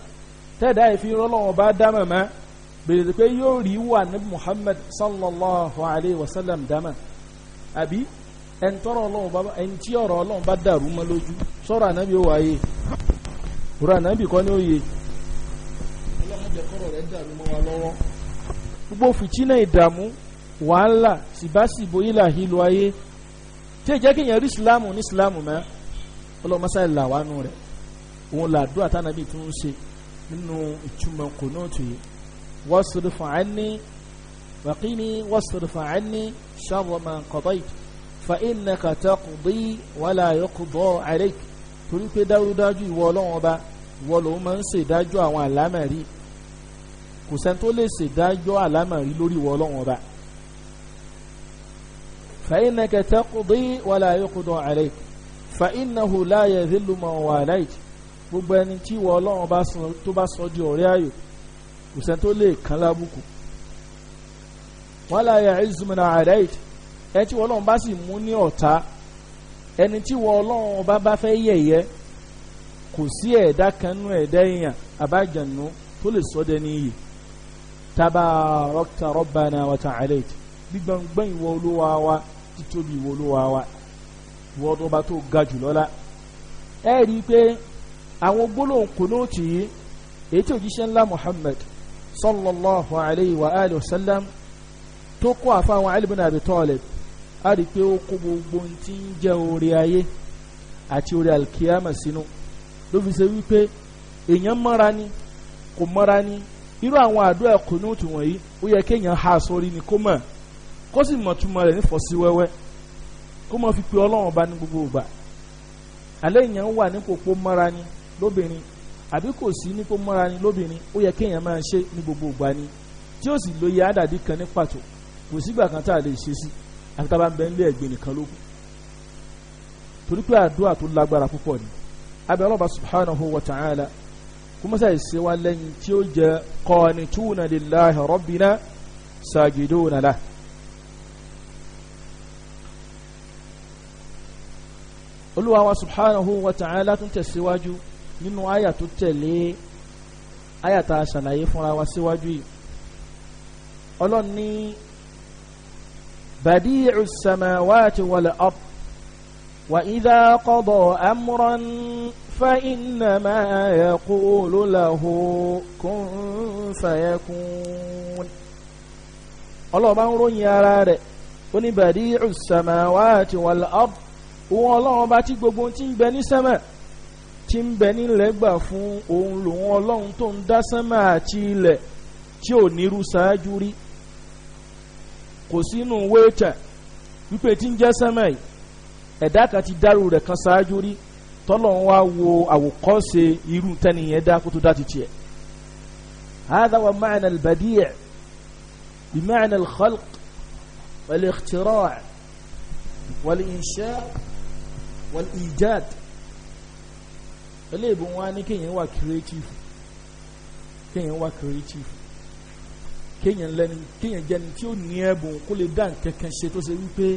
tẹ́ẹ̀dá ìfi ọlọ́run bá dá màmá bèrè pé yóò rí wà ní Muhammad sallallahu alayhi wa sallam dámà àbí ẹn ọlọ́run bá ẹn tí ọ̀rọ̀ ọlọ́run bá dàrú mọ́ lójú sọ̀rọ̀ ànábì ó wáyé ọ̀rọ̀ ànábì kọ́ ni ó ọlọ́run jẹ́ kọ́rọ̀ rẹ̀ dàrú mọ́ wa lọ́wọ́ gbogbo fìtínà ìdààmú wàhálà síbáṣìbò ìlà ìlú ayé tí èjẹ́ kéèyàn rí ìsìláàmù ní ìsìláàmù mẹ́ ọlọ́mọṣá ìlà wánu rẹ̀ òun làdúrà tánàbí tó ń ṣe nínú ìtumọ̀ kònóòtù yìí wasrif anni waqini wasrif anni sharra ma qadayt fa innaka taqdi wala yuqda alayk torí pé dájúdájú ìwọ ọlọ́wọ́n ọba ìwọ lòun máa ń ṣèdájọ́ àwọn àlámẹ̀rí kò sẹ́ni tó lè ṣèdájọ́ àlámàrí lórí ìwọ ọlọ́run ọba فإنك تقضي ولا يقضى عليك فإنه لا يذل من واليت gbogbo ẹni tí ìwọ ọlọ́run tó bá sọ di ọ̀rẹ́ ayò kò sẹ́ni tó lè kàn lábùkù wala ya'izzu min 'adayt ẹni tí ìwọ ọlọ́run bá sì mú ní ọ̀tá ẹni tí ìwọ ọlọ́run bá bá fẹ́ yẹ̀yẹ́ kò sí ẹ̀dá kan ẹ̀dá èèyàn àbájánu tó lè sọ dẹni yìí tabarakta rabbana wa ta'alayt gbígbàngbà ìwọ olúwa wa títóbi ìwọ olúwa wa ìwọ tó bá tó ga jùlọ la ẹ rí i pé àwọn gbólóhùn kùnúùtì yìí èyí tí òjíṣẹ́ ńlá Muhammad sallallahu alayhi wa alihi wa sallam tó kó àfáwọn Ali Abi Talib a rí i pé ó kó gbogbo ohun ń jẹ́ orí ayé àti orí alkiyama sínú ló ṣe wípé èèyàn mọ́ra ni kò mọ́ra ni irú àwọn àdúrà kùnúùtù wọ̀nyí ó yẹ kéèyàn ha sórí ni kó mọ̀ kó sì mọ̀ túmọ̀ rẹ̀ nífọ̀sí wẹ́wẹ́ kó mọ̀ fi pe ọlọ́run bá ní gbogbo ìgbà alẹ́ èèyàn wà ní kòkó ni lóbìnrin àbí kò sí ní kó ni lóbìnrin ó yẹ kéèyàn máa ṣe ní gbogbo ìgbà ni tí ó sì lóye àdàdí kan ní pàtó kò sígbà kan tá a lè ṣe sí àfi tá ń bẹ ń lé nìkan lókun torí pé àdúrà tó lágbára púpọ̀ ni abẹ́ ọlọ́ba subhanahu wa ta'ala kúmọ́sá ìṣe wa lẹ́yìn tí ó jẹ́ qanituna lillahi rabbina sajiduna lahu. olúwa wa subhanahu wa ta'ala tún tẹ̀síwájú nínú àyà tó tẹ̀lé àyà tá a ṣàlàyé fúnra wa síwájú yìí ọlọ́run ní badi'u samawati wal ard wa idha qada amran. فإنما يقول له كن فيكون ọlọ́ọ̀bá ń ròyìn ara rẹ̀ ó ní badi'u samawati wal ard òun ọlọ́run gbogbo ti ń bẹ ní sẹ́mẹ̀ tí ń bẹ nílẹ̀ gbà fún òun lòun ọlọ́run tó ń dá àti ilẹ̀ tọ́lọ̀ ń wá wo àwòkọ́ṣe irú tẹ́nìyẹn dá kó tó dá titi ẹ̀. هذا ومعنى البديع بمعنى الخلق والاختراع والإنشاء والإيجاد eléyìí wọn ni kéèyàn wà creative kéèyàn wà creative kéèyàn lẹni kéèyàn jẹni tí ó ní ẹ̀bùn kó lè dá nǹkan kan ṣe tó ṣe wípé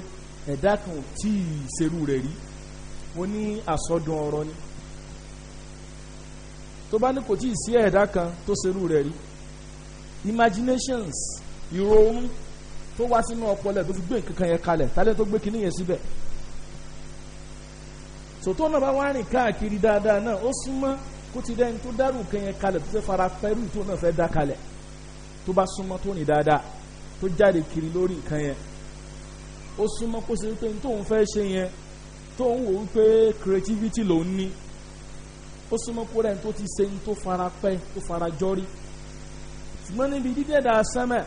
ẹ̀dá kan ò tíì ṣerú rẹ̀ rí mo ní àsọdùn ọ̀rọ̀ ni tó bá ní kò tí ì sí ẹ̀dá kan tó ṣerú rẹ̀ rí imaginations ìrònú tó wá sínú ọpọlọ tó fi gbé nǹkan kan yẹn kalẹ̀ tálẹ́ tó gbé kinní yẹn síbẹ̀ sòtó náà bá wá rìn káàkiri dáadáa náà ó súnmọ́ kó ti dẹ́ni tó dárú nǹkan yẹn kalẹ̀ tó fẹ́ fara pẹ́rù tó náà fẹ́ dá kalẹ̀ tó bá súnmọ́ tó rìn dáadáa tó jáde kiri lórí nǹkan yẹn ó súnmọ́ kó ṣe pé ní tóun ṣe yẹn tó ń wò wípé creativity ló ń ní ó súnmọ́ kó rẹ̀ tó ti ṣe ń tó fara pẹ́ tó fara jọ́rí ṣùgbọ́n níbi dídẹ̀dà sẹ́mẹ̀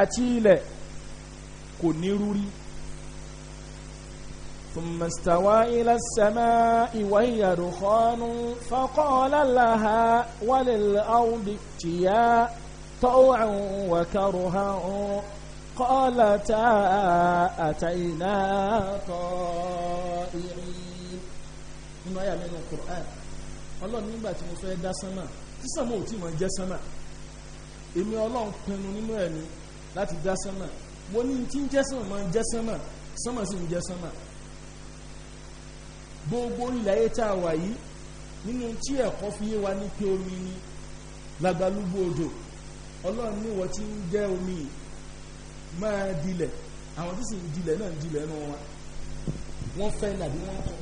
àti ilẹ̀ kò ní rúrí ثم استوى إلى السماء وهي دخان فقال لها وللأرض ائتيا طوعا وكرها قالتا أتينا طائعين nínú àyà mẹ́nu Qur'an ọlọ́run nígbà tí mo fẹ́ dá sánmà tí sánmà ò tí mọ̀ jẹ́ sánmà èmi ọlọ́run pinnu nínú ẹ̀mí láti dá sánmà mo ní tí ń jẹ́ sánmà máa ń jẹ́ sánmà sánmà sì ń jẹ́ sánmà gbogbo ilẹ̀ ayé tá a wà yìí nínú tí ẹ̀kọ́ fi yé wa ní pé omi ni làgbàlúgbò odò ọlọ́run níwọ̀ tí ń jẹ́ omi yìí máa dilẹ̀ àwọn tí sì ń dilẹ̀ náà ń dilẹ̀ nù wọn wọ́n fẹ́ nàbí wọ́n kọ́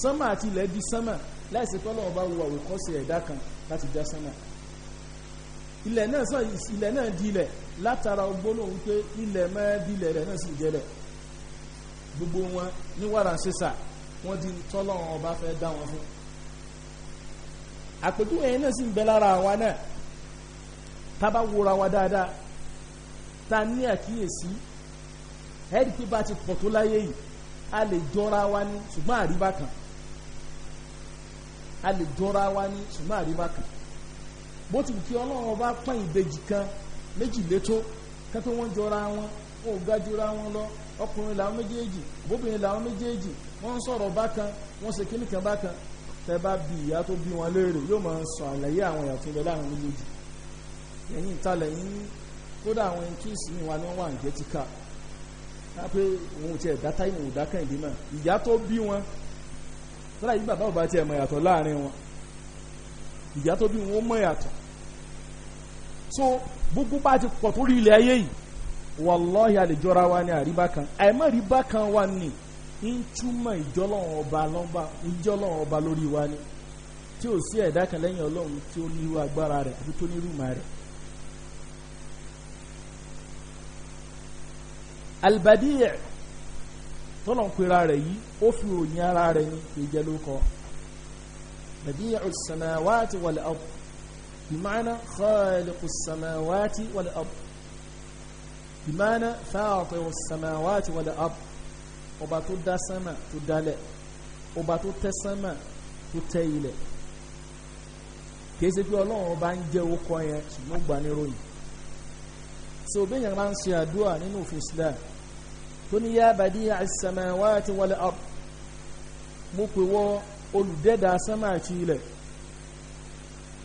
sánmà àti ilẹ̀ di sánmà láìsí pé ọlọ́run bá wo àwòkọ́ṣe ẹ̀dá kan láti dá sánmà ilẹ̀ náà sàn ilẹ̀ náà dilẹ̀ látara ogbólóhùn pé ilẹ̀ máa dilẹ̀ rẹ̀ náà sì jẹlẹ̀ gbogbo wọn ní wàrà ń ṣe sà wọ́n di tọ́lọ́run ọba fẹ́ dá wọn fún àpèjúwe yẹn náà sì ń bẹ lára àwa náà tá wúra wa dáadáa ta ní àkíyèsí ẹ̀rí pé bá ti pọ̀ tó láyé yìí a lè jọra wa ní ṣùgbọ́n àríbá kan a lè jọra wa ní ṣùgbọ́n àríbá kan bó ti kí ọlọ́run ọba pọ́n ìbejì kan méjì létó kẹ́kẹ́ wọ́n jọra wọn wọn ò ga jura wọn lọ ọkùnrin làwọn méjèèjì obìnrin làwọn méjèèjì wọ́n ń sọ̀rọ̀ bákan wọ́n ṣe kíní kan bákan tẹ́ bá bi ìyá tó bí wọn léèrè yóò máa sọ àlàyé àwọn ìyàtúndẹ̀ láàrin méjèèjì ẹ̀yìn ìtàlẹ̀ kódà àwọn ẹnkíìsì mi wà ní wọn wà ní jẹtíkà náà pé òun tiẹ̀ dátà ìwò dákà ìdí náà ìyá tó bí wọn kódà yìí bàbá bàbá tiẹ̀ mọ̀ yàtọ̀ láàrin wọn ìyá tó bí wọn ó mọ̀ yàtọ̀ so gbogbo bá ti pọ̀ tó rí ilẹ̀ ayé yìí wàlọ́ọ̀hì àlejòra wa ni àríbá kan àìmọ́ àríbá kan wa ni ń túmọ̀ ọba lọ́ba ìjọlọ́wọ́n ọba lórí wa ni tí ò sí ẹ̀dá kan lẹ́yìn ọlọ́run tí ó ní agbára rẹ̀ àti tó ní irú rẹ̀ albadi' tọ́lọ̀ ń pera rẹ̀ yìí ó fi òyìn ara rẹ̀ ní ìjẹ́ ló kọ́ badi'u samawati wal ard bima'na khaliqu samawati wal ard bima'na fa'tiru samawati wal ard ọba tó dá sánmà tó dálẹ̀ ọba tó tẹ́ sánmà tó tẹ́ ilẹ̀ kìí ṣe pé ọlọ́run ọba ń jẹ́ okọ yẹn ṣùgbọ́n gbaniròyìn so bẹ́ẹ̀ yẹn máa ń ṣe àdúrà nínú òfin Islam tó ní yá badi'a as-samawati wal ard mo pè wọ́ olùdẹ́dà sánmà àti ilẹ̀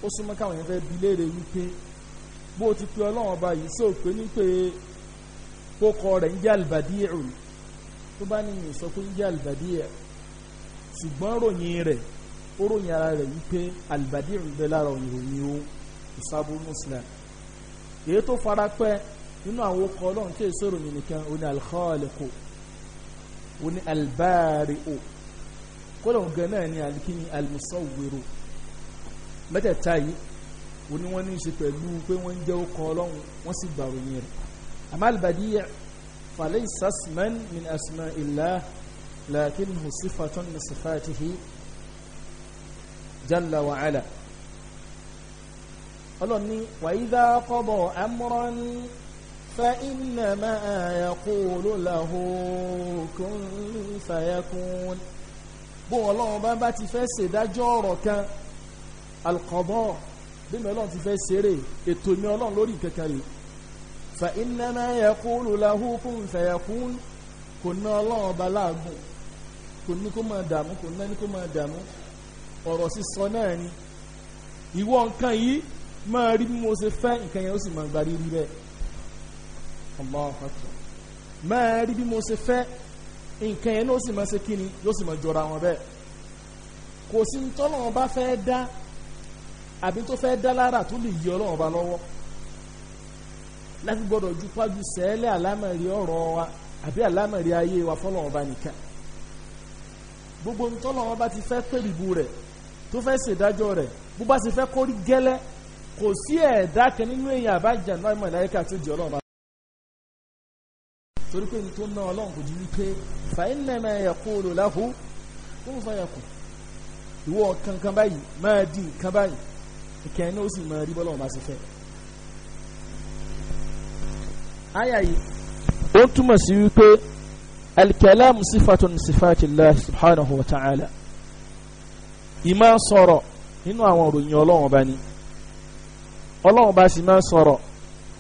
ó súnmọ́ káwọn yẹn fẹ́ bi léèrè wípé bó o ti pe ọlọ́run ọba yìí sí òpè ní pé kókọ rẹ̀ ń jẹ́ al-badi'u tó bá ní ìyẹn pé ń jẹ́ al ṣùgbọ́n ròyìn rẹ̀ ó ròyìn ara rẹ̀ wípé al ń bẹ lára ìròyìn o ìsàbùrù muslim èyí tó fara pẹ́ nínú àwọn ọkọ̀ ọlọ́run tí èso ròyìn nìkan òní alkhaliqu òní albari'u kọ́lọ̀ gan náà ni alikini almusawwiru mẹ́tẹ̀ẹ̀ta yìí òní wọ́n ní í ṣe pẹ̀lú pé wọ́n ń jẹ́ ọkọ̀ ọlọ́run wọ́n sì gbà ròyìn rẹ̀ àmọ́ albadiya falaysa isman min asma'illah lakinnahu sifatun min sifatihi jalla wa ala ọlọ́run ní wa idha qada فإنما يقول له كن فيكون bóun ọlọ́run bá bá ti fẹ́ ṣèdájọ́ ọ̀rọ̀ kan alqada bímọ ọlọ́run ti fẹ́ ṣeré ètò mi ọlọ́run lórí kankan rè fa innama yaqulu lahu kun fayakun kò ná ọlọ́run ọba láàgùn kò ní kó máa dààmú kò ní kó máa dààmú ọ̀rọ̀ sísọ náà ni ìwọ nǹkan yìí máa rí bí mo ṣe fẹ́ nǹkan yẹn ó sì máa gbarí rí bẹ́ẹ̀ allah akbar máa rí bí mo ṣe fẹ́ nǹkan yẹn ní ó sì máa ṣe kí ni yóò sì máa jọra wọn bẹ́ẹ̀ kò sí tọ́lọ́wọ́n bá fẹ́ dá àbí tó fẹ́ dá lára tó lè yí ọlọ́wọ́n bá lọ́wọ́ láti gbọ́dọ̀ ju pájú sẹ́lẹ̀ àlámẹ̀rí ọ̀rọ̀ wa àbí àlámẹ̀rí ayé wa fọ́lọ́wọ́n bá nìkan gbogbo ntọ́lọ́wọ́n bá ti fẹ́ pèrìbù rẹ̀ tó fẹ́ ṣèdájọ́ rẹ̀ bó bá ti fẹ́ kórí gẹ́lẹ́ kò sí ẹ̀dá kan nínú èèyàn àbájá náà ìmọ̀ ìlàyé tó di ọlọ́run bá torí pé ní tó ná ọlọ́run kò ju wípé fàínàmà yaqulu lahu kó fà yakun ìwọ kankan báyìí máa di nǹkan báyìí ìkẹyìn náà ó sì máa rí bọ́lọ́run bá ṣe fẹ́. àyà yìí ó túmọ̀ sí wípé alkalamu sifatun sifatillah subhanahu wa ta'ala ìmọ̀ sọ̀rọ̀ nínú àwọn òròyìn ọlọ́run ọba ni ọlọ́run ọba sì máa sọ̀rọ̀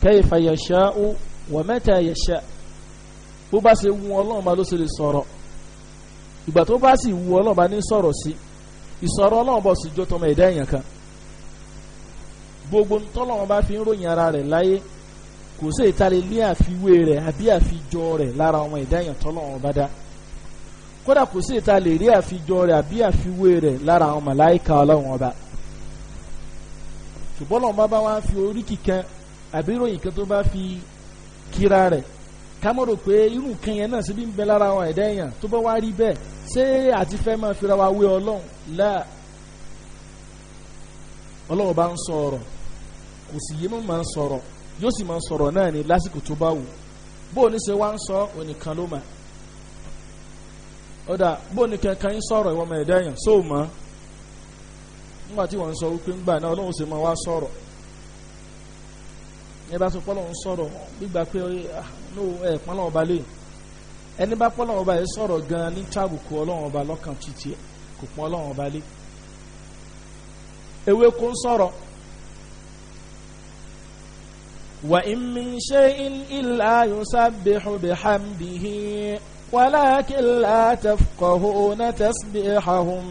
kayfa yasha'u wa mata yasha'u bó bá ṣe wù ọlọ́run bá ló ṣe lè sọ̀rọ̀ ìgbà tó bá sì wù ọlọ́run bá ní sọ̀rọ̀ sí ìsọ̀rọ̀ ọlọ́run bọ̀ sí jọ tọmọ ẹ̀dá èèyàn kan gbogbo ntọ́lọ́run bá fi ń ròyìn ara rẹ̀ láyé kò sí ìtàlẹ̀ ilé àfiwé rẹ̀ àbí àfijọ rẹ̀ lára ọmọ ẹ̀dá èèyàn tọ́lọ́run bá dá kódà kò sí ìtàlẹ̀ ilé àfijọ rẹ̀ àbí àfiwé rẹ̀ lára àwọn màláìka ọlọ́run ọba ṣùgbọ́n lọ́run bá bá wá fi orí kíkan àbí ròyìn kan tó bá fi kíra rẹ̀ ká mọ̀ rò pé irú nǹkan yẹn náà síbi ń bẹ lára àwọn ẹ̀dá èèyàn tó bá wá rí bẹ́ẹ̀ ṣé àti fẹ́ máa fira wa wé ọlọ́run láà ọlọ́run bá ń sọ̀rọ̀ kò sì yé mọ́ máa ń sọ̀rọ̀ yóò sì máa ń sọ̀rọ̀ náà ní lásìkò tó bá wù bó o ní ṣe wá ń sọ onìkan ló mà ọ̀dà bó o ní kankan ń sọ̀rọ̀ ìwọ́n máa ẹ̀dá èèyàn sóò mọ́ nígbà tí wọ́n ń sọ wípé ńgbà náà ọlọ́run sì máa wá sọ̀rọ̀ ní bá sọ pé ọlọ́run sọ̀rọ̀ gbígbà pé ah, no ẹ pọ́n lọ́wọ́ ba lé ẹni bá pọ́n lọ́wọ́ ba yẹ sọ̀rọ̀ gan ní tábùkù ọlọ́wọ́ ba lọ́kàn títí kò pọ́n lọ́wọ́ ba lé ewé kó ń sọ̀rọ̀ wa in min shay'in illa yusabbihu bihamdihi walakin la tafqahuna tasbihahum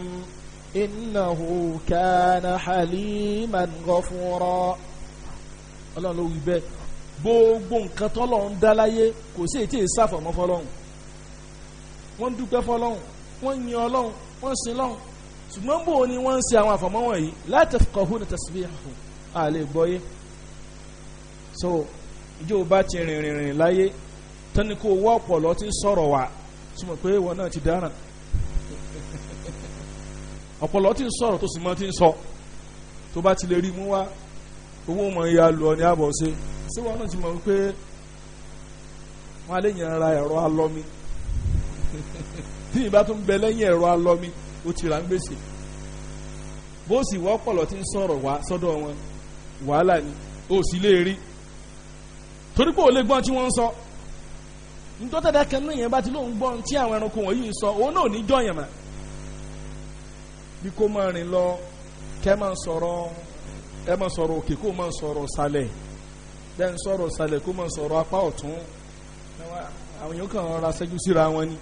innahu kana haliman ghafura ọlọ́run ló wí bẹ́ẹ̀ gbogbo nǹkan tọ́lọ́run dá láyé kò sí ètí ìsáfọ̀mọ́ fọlọ́run wọ́n dúpẹ́ fọlọ́run wọ́n yin ọlọ́run wọ́n sin lọ́run ṣùgbọ́n bò ni wọ́n ń ṣe àwọn àfọ̀mọ́ wọ̀nyí láti kọ̀hún ní tasbihu àlè gbọ́yé so ìjọ bá ti rìn rìn rìn láyé tani kò wọ́ ọ̀pọ̀lọ́ ti sọ̀rọ̀ wá túmọ̀ pé wọn náà ti dáràn ọ̀pọ̀lọ́ ti sọ̀rọ̀ tó sì mọ́ ti sọ tó bá ti lè rí mú wá owó mọ̀ ya lọ ní àbọ̀ ṣe ṣé wọn náà ti mọ̀ wípé wọn alẹ́ yẹn ra ẹ̀rọ alọ́mi *laughs* tí ìbá tó ń bẹ lẹ́yìn ẹ̀rọ alọ́mi ó ti ra ń gbèsè bó sì wọ́pọ̀lọ́ ti ń sọ̀rọ̀ wá sọ́dọ̀ wọn wàhálà ni ó sì lè rí torí pé ò lè gbọ́n tí wọ́n ń sọ ntọ́tàdá kan náà yẹn bá ti lóun gbọ́n tí àwọn ẹranko wọ̀nyí ń sọ òun náà ní jọyàn mà bí kò máa rìn lọ kẹ́ máa sọ̀rọ̀ ẹ máa sọ̀rọ̀ òkè kó máa sọ̀rọ̀ sálẹ̀ dẹ́n sọ̀rọ̀ sàlẹ̀ kó mọ̀ sọ̀rọ̀ apá ọ̀tún àwọn yòókù àwọn ra ṣẹ́jú síra wọn ni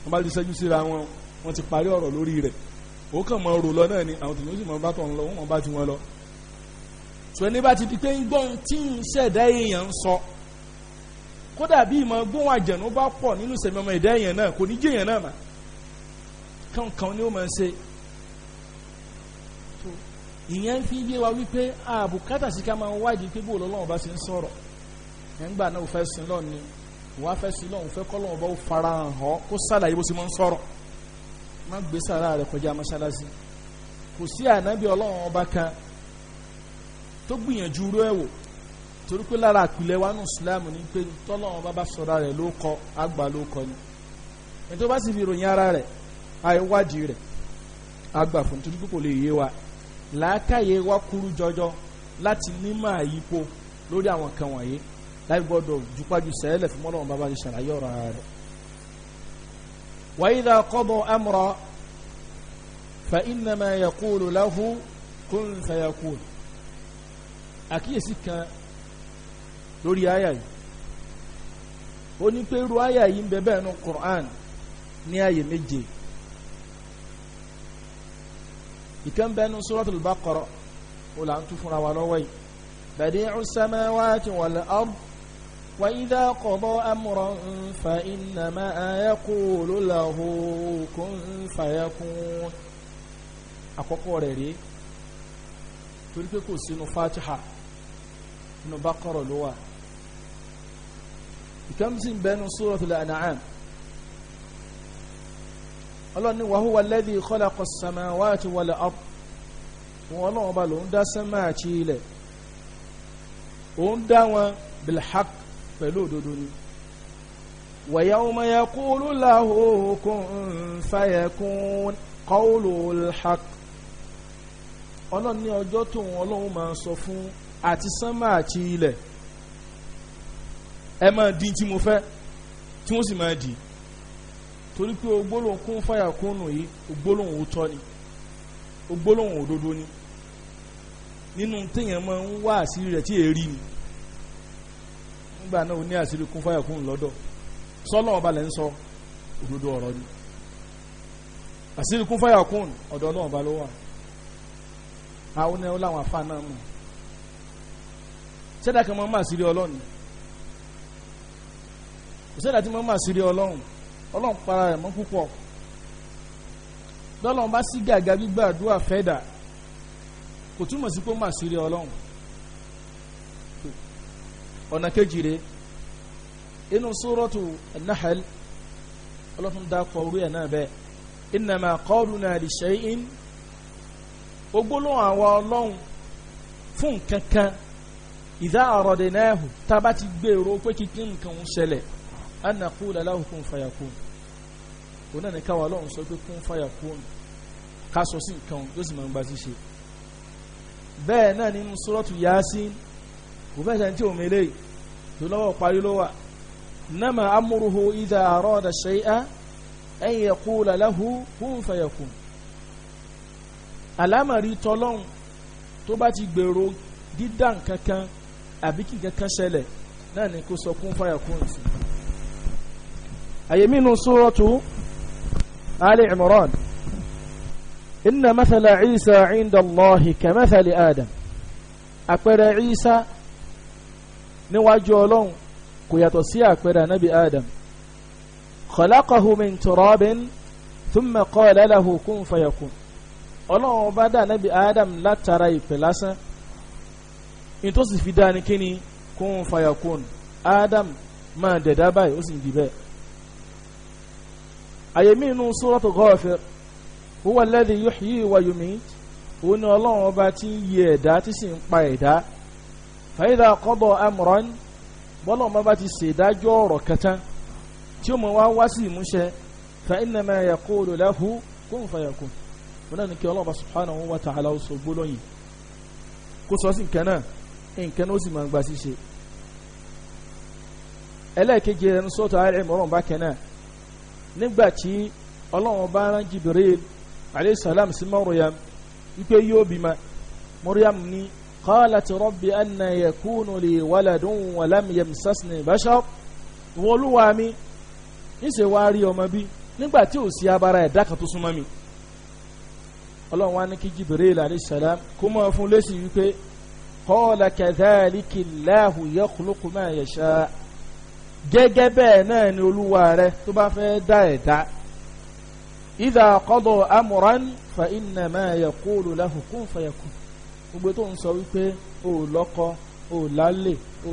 wọ́n bá ti ṣẹ́jú síra wọn wọ́n ti parí ọ̀rọ̀ lórí rẹ̀ ó kàn mọ rò lọ náà ni àwọn tòun sì mọ bá tọ̀hún lọ wọ́n mọ bá ti wọn lọ. sọ ẹni bá ti di pé ń gbọ́n tí ń ṣẹ̀dá èèyàn ń sọ kódà bí ìmọ̀ gbóhùn àjẹ̀nú bá pọ̀ nínú sẹ̀mí ọmọ ẹ̀dá èèyàn náà kò ní jẹ́ èèyàn náà mà kànkàn ni ó máa ń ṣe ìyẹn fi yé wa wípé àbùkátà sí ká máa wádìí pé bóòlù ọlọ́run bá ṣe ń sọ̀rọ̀ nígbà náà ò fẹ́ sin lọ́ọ̀ ni wàá fẹ́ sin lọ́ọ̀ ò fẹ́ kọ́ lọ́ọ̀ bá ó fara hàn ọ́ kó sàlàyé bó ṣe máa ń sọ̀rọ̀ má gbé sàrà rẹ̀ kọjá mọ́ṣáláṣí kò sí ànábì ọlọ́run ọba kan tó gbìyànjú rú ẹ̀ torí pé lára àpilẹ̀ wa nù sílámù ni pé tọ́lọ́run bá bá sọ̀rọ̀ rẹ̀ ló kọ àgbà ló kọ ni ètò bá sì fi ròyìn ara rẹ̀ àìwádìí rẹ̀ àgbà fún torí pé kò lè yé wa làákàyè wa kúrú jọjọ láti nímọ̀ àyípo lórí àwọn kan wọ̀nyí láì gbọ́dọ̀ jupájú sẹ́lẹ̀ fún mọ́lọ́wọ́n bàbá yìí ṣàlàyé ọ̀rọ̀ rẹ̀. wa idha qada amra fa innama yaqulu lahu kun fayakun. àkíyèsí kan lórí àyà yìí ó àyà yìí ń bẹ bẹ́ẹ̀ nu Qur'an ní àyè méje ìkan bẹ́ẹ̀ nu suratul baqara ó là ń tún fúnra wa lọ́wọ́ yìí badi'u samawati wal ard wa idha qada amran fa innama yaqulu lahu kun fayakun àkọ́kọ́ rẹ̀ rèé torí pé kò sínú fatiha inú baqara ló wà ìkan sì bẹ́ẹ̀ nu suratul an'am ọlọ́ni wàhúwà lẹ́dí kọ́lákọ̀ sàmáwá àti wọlé ọ́p wọn ọlọ́wọ́n ba lòún dá sẹ́mà àti ilẹ̀ òun dá wọn bilhaq pẹ̀lú òdodo ni wàyàwùmọ̀ yẹ kúlù làhókùn fàyẹkùn kọ́ọ̀lù bilhaq ọlọ́run ọjọ́ tó wọn ọlọ́run máa sọ fún àti sánmà àti ilẹ̀ ẹ máa di tí mo fẹ́ tí wọ́n sì máa di torí pé ogbólóhùn kún fàyà kúnnù yìí ogbólóhùn òótọ́ ni ogbólóhùn òdodo ni nínú téèyàn máa ń wá àṣírí rẹ̀ tí èrí ni nígbà náà ó ní àṣírí kún fàyà kúnnù lọ́dọ̀ sọ́lọ́ ọba lẹ́ ń sọ òdodo ọ̀rọ̀ ni àṣírí kún fàyà kúnnù ọ̀dọ̀ ọlọ́run ọba ló wà àwọn ní ọláwọn afá náà mọ̀ sẹ́dá kan máa ń máa sírí ọlọ́run sẹ́dá tí máa ń máa sírí ọlọ́run ọlọ́run para rẹ̀ mọ́ púpọ̀ lọ́lọ́run bá sí gàgà gbígbà àdúrà fẹ́dà kò túmọ̀ sí pé ó mà sí rí ọlọ́run ọ̀nà kejì rèé inú sórọ́tù nahal ọlọ́run dákọ̀ orí ẹ̀ náà bẹ́ẹ̀ innama qawluna li shay'in ogbólóhùn àwa ọlọ́run fún nǹkan kan idha aradnahu tá a bá ti gbèrò pé kíkín nǹkan ń ṣẹlẹ̀ an naqula lahu kun fayakun òun náà ní káwọn ọlọ́run sọ pé kun fayakun ká sọ sí nǹkan yóò sì máa ń gba ṣíṣe bẹ́ẹ̀ náà nínú suratu Yasin kò fẹ́ sẹ́ni tí ò mẹ́lẹ́ tó lọ́wọ́ parí ló wà nama amruhu idha arada shay'an an yaqula lahu kun fayakun àlámàrí tọlọ́run tó bá ti gbèrò dídá nǹkan kan àbí kí nǹkan kan ṣẹlẹ̀ náà ni kó sọ kún fáyà sí i. أيمين سورة آل عمران إن مثل عيسى عند الله كمثل آدم àpẹẹrẹ Isa níwájú Ọlọ́run kò yàtọ̀ sí àpẹẹrẹ nabi Adam khalaqahu min turabin thumma qala lahu kun fayakun Ọlọ́run ọba dá nabi Adam látara ìpè lásán nítòsí fi dá ní kíni kun fayakun Adam máa dẹ̀dá báyìí ó sì ń di bẹ́ẹ̀ àyè mí inú sóràtò Ghafir huwa alladhi yuhyi wa yumit òun ni ọlọ́run ọba tí ń yí ẹ̀dá tí sì ń pa ẹ̀dá fa idha qada amran bọ́lá ọmọ bá ti ṣèdájọ́ ọ̀rọ̀ kẹta tí ó mọ̀ wá wá sí ìmúṣẹ fa innama yaqulu lahu kun fayakun wọn náà ní kí ọlọ́run subhanahu wa ta'ala ó sọ gbólóyìn kó sọ sí nǹkan náà nǹkan náà ó sì máa gba ṣíṣe ẹlẹ́ẹ̀kejì ẹni sọ́tọ̀ ààrẹ mọ́rọ̀ bá kẹ́ náà nígbà tí ọlọ́run bá rán Jibril alayhi salam sí Maryam wípé yóò bímọ Maryam ní qalat rabbi anna yakunu li waladun wa lam yamsasni bashar ìwọ olúwa mi níṣẹ́ wá rí ọmọ bí nígbà tí ò sí abara ẹ̀dá kan tó súnmọ́ mi ọlọ́run wá ní kí Jibril alayhi salam kó mọ́ fún lẹ́sìn wípé qala kadhalika Allahu yakhluqu ma yasha' gẹ́gẹ́ bẹ́ẹ̀ náà ni olúwa rẹ tó bá fẹ́ dá ẹ̀dá idha qada amran fa innama yaqulu lahu kun gbogbo tó ń sọ wípé o lọ́kọ o ò o ò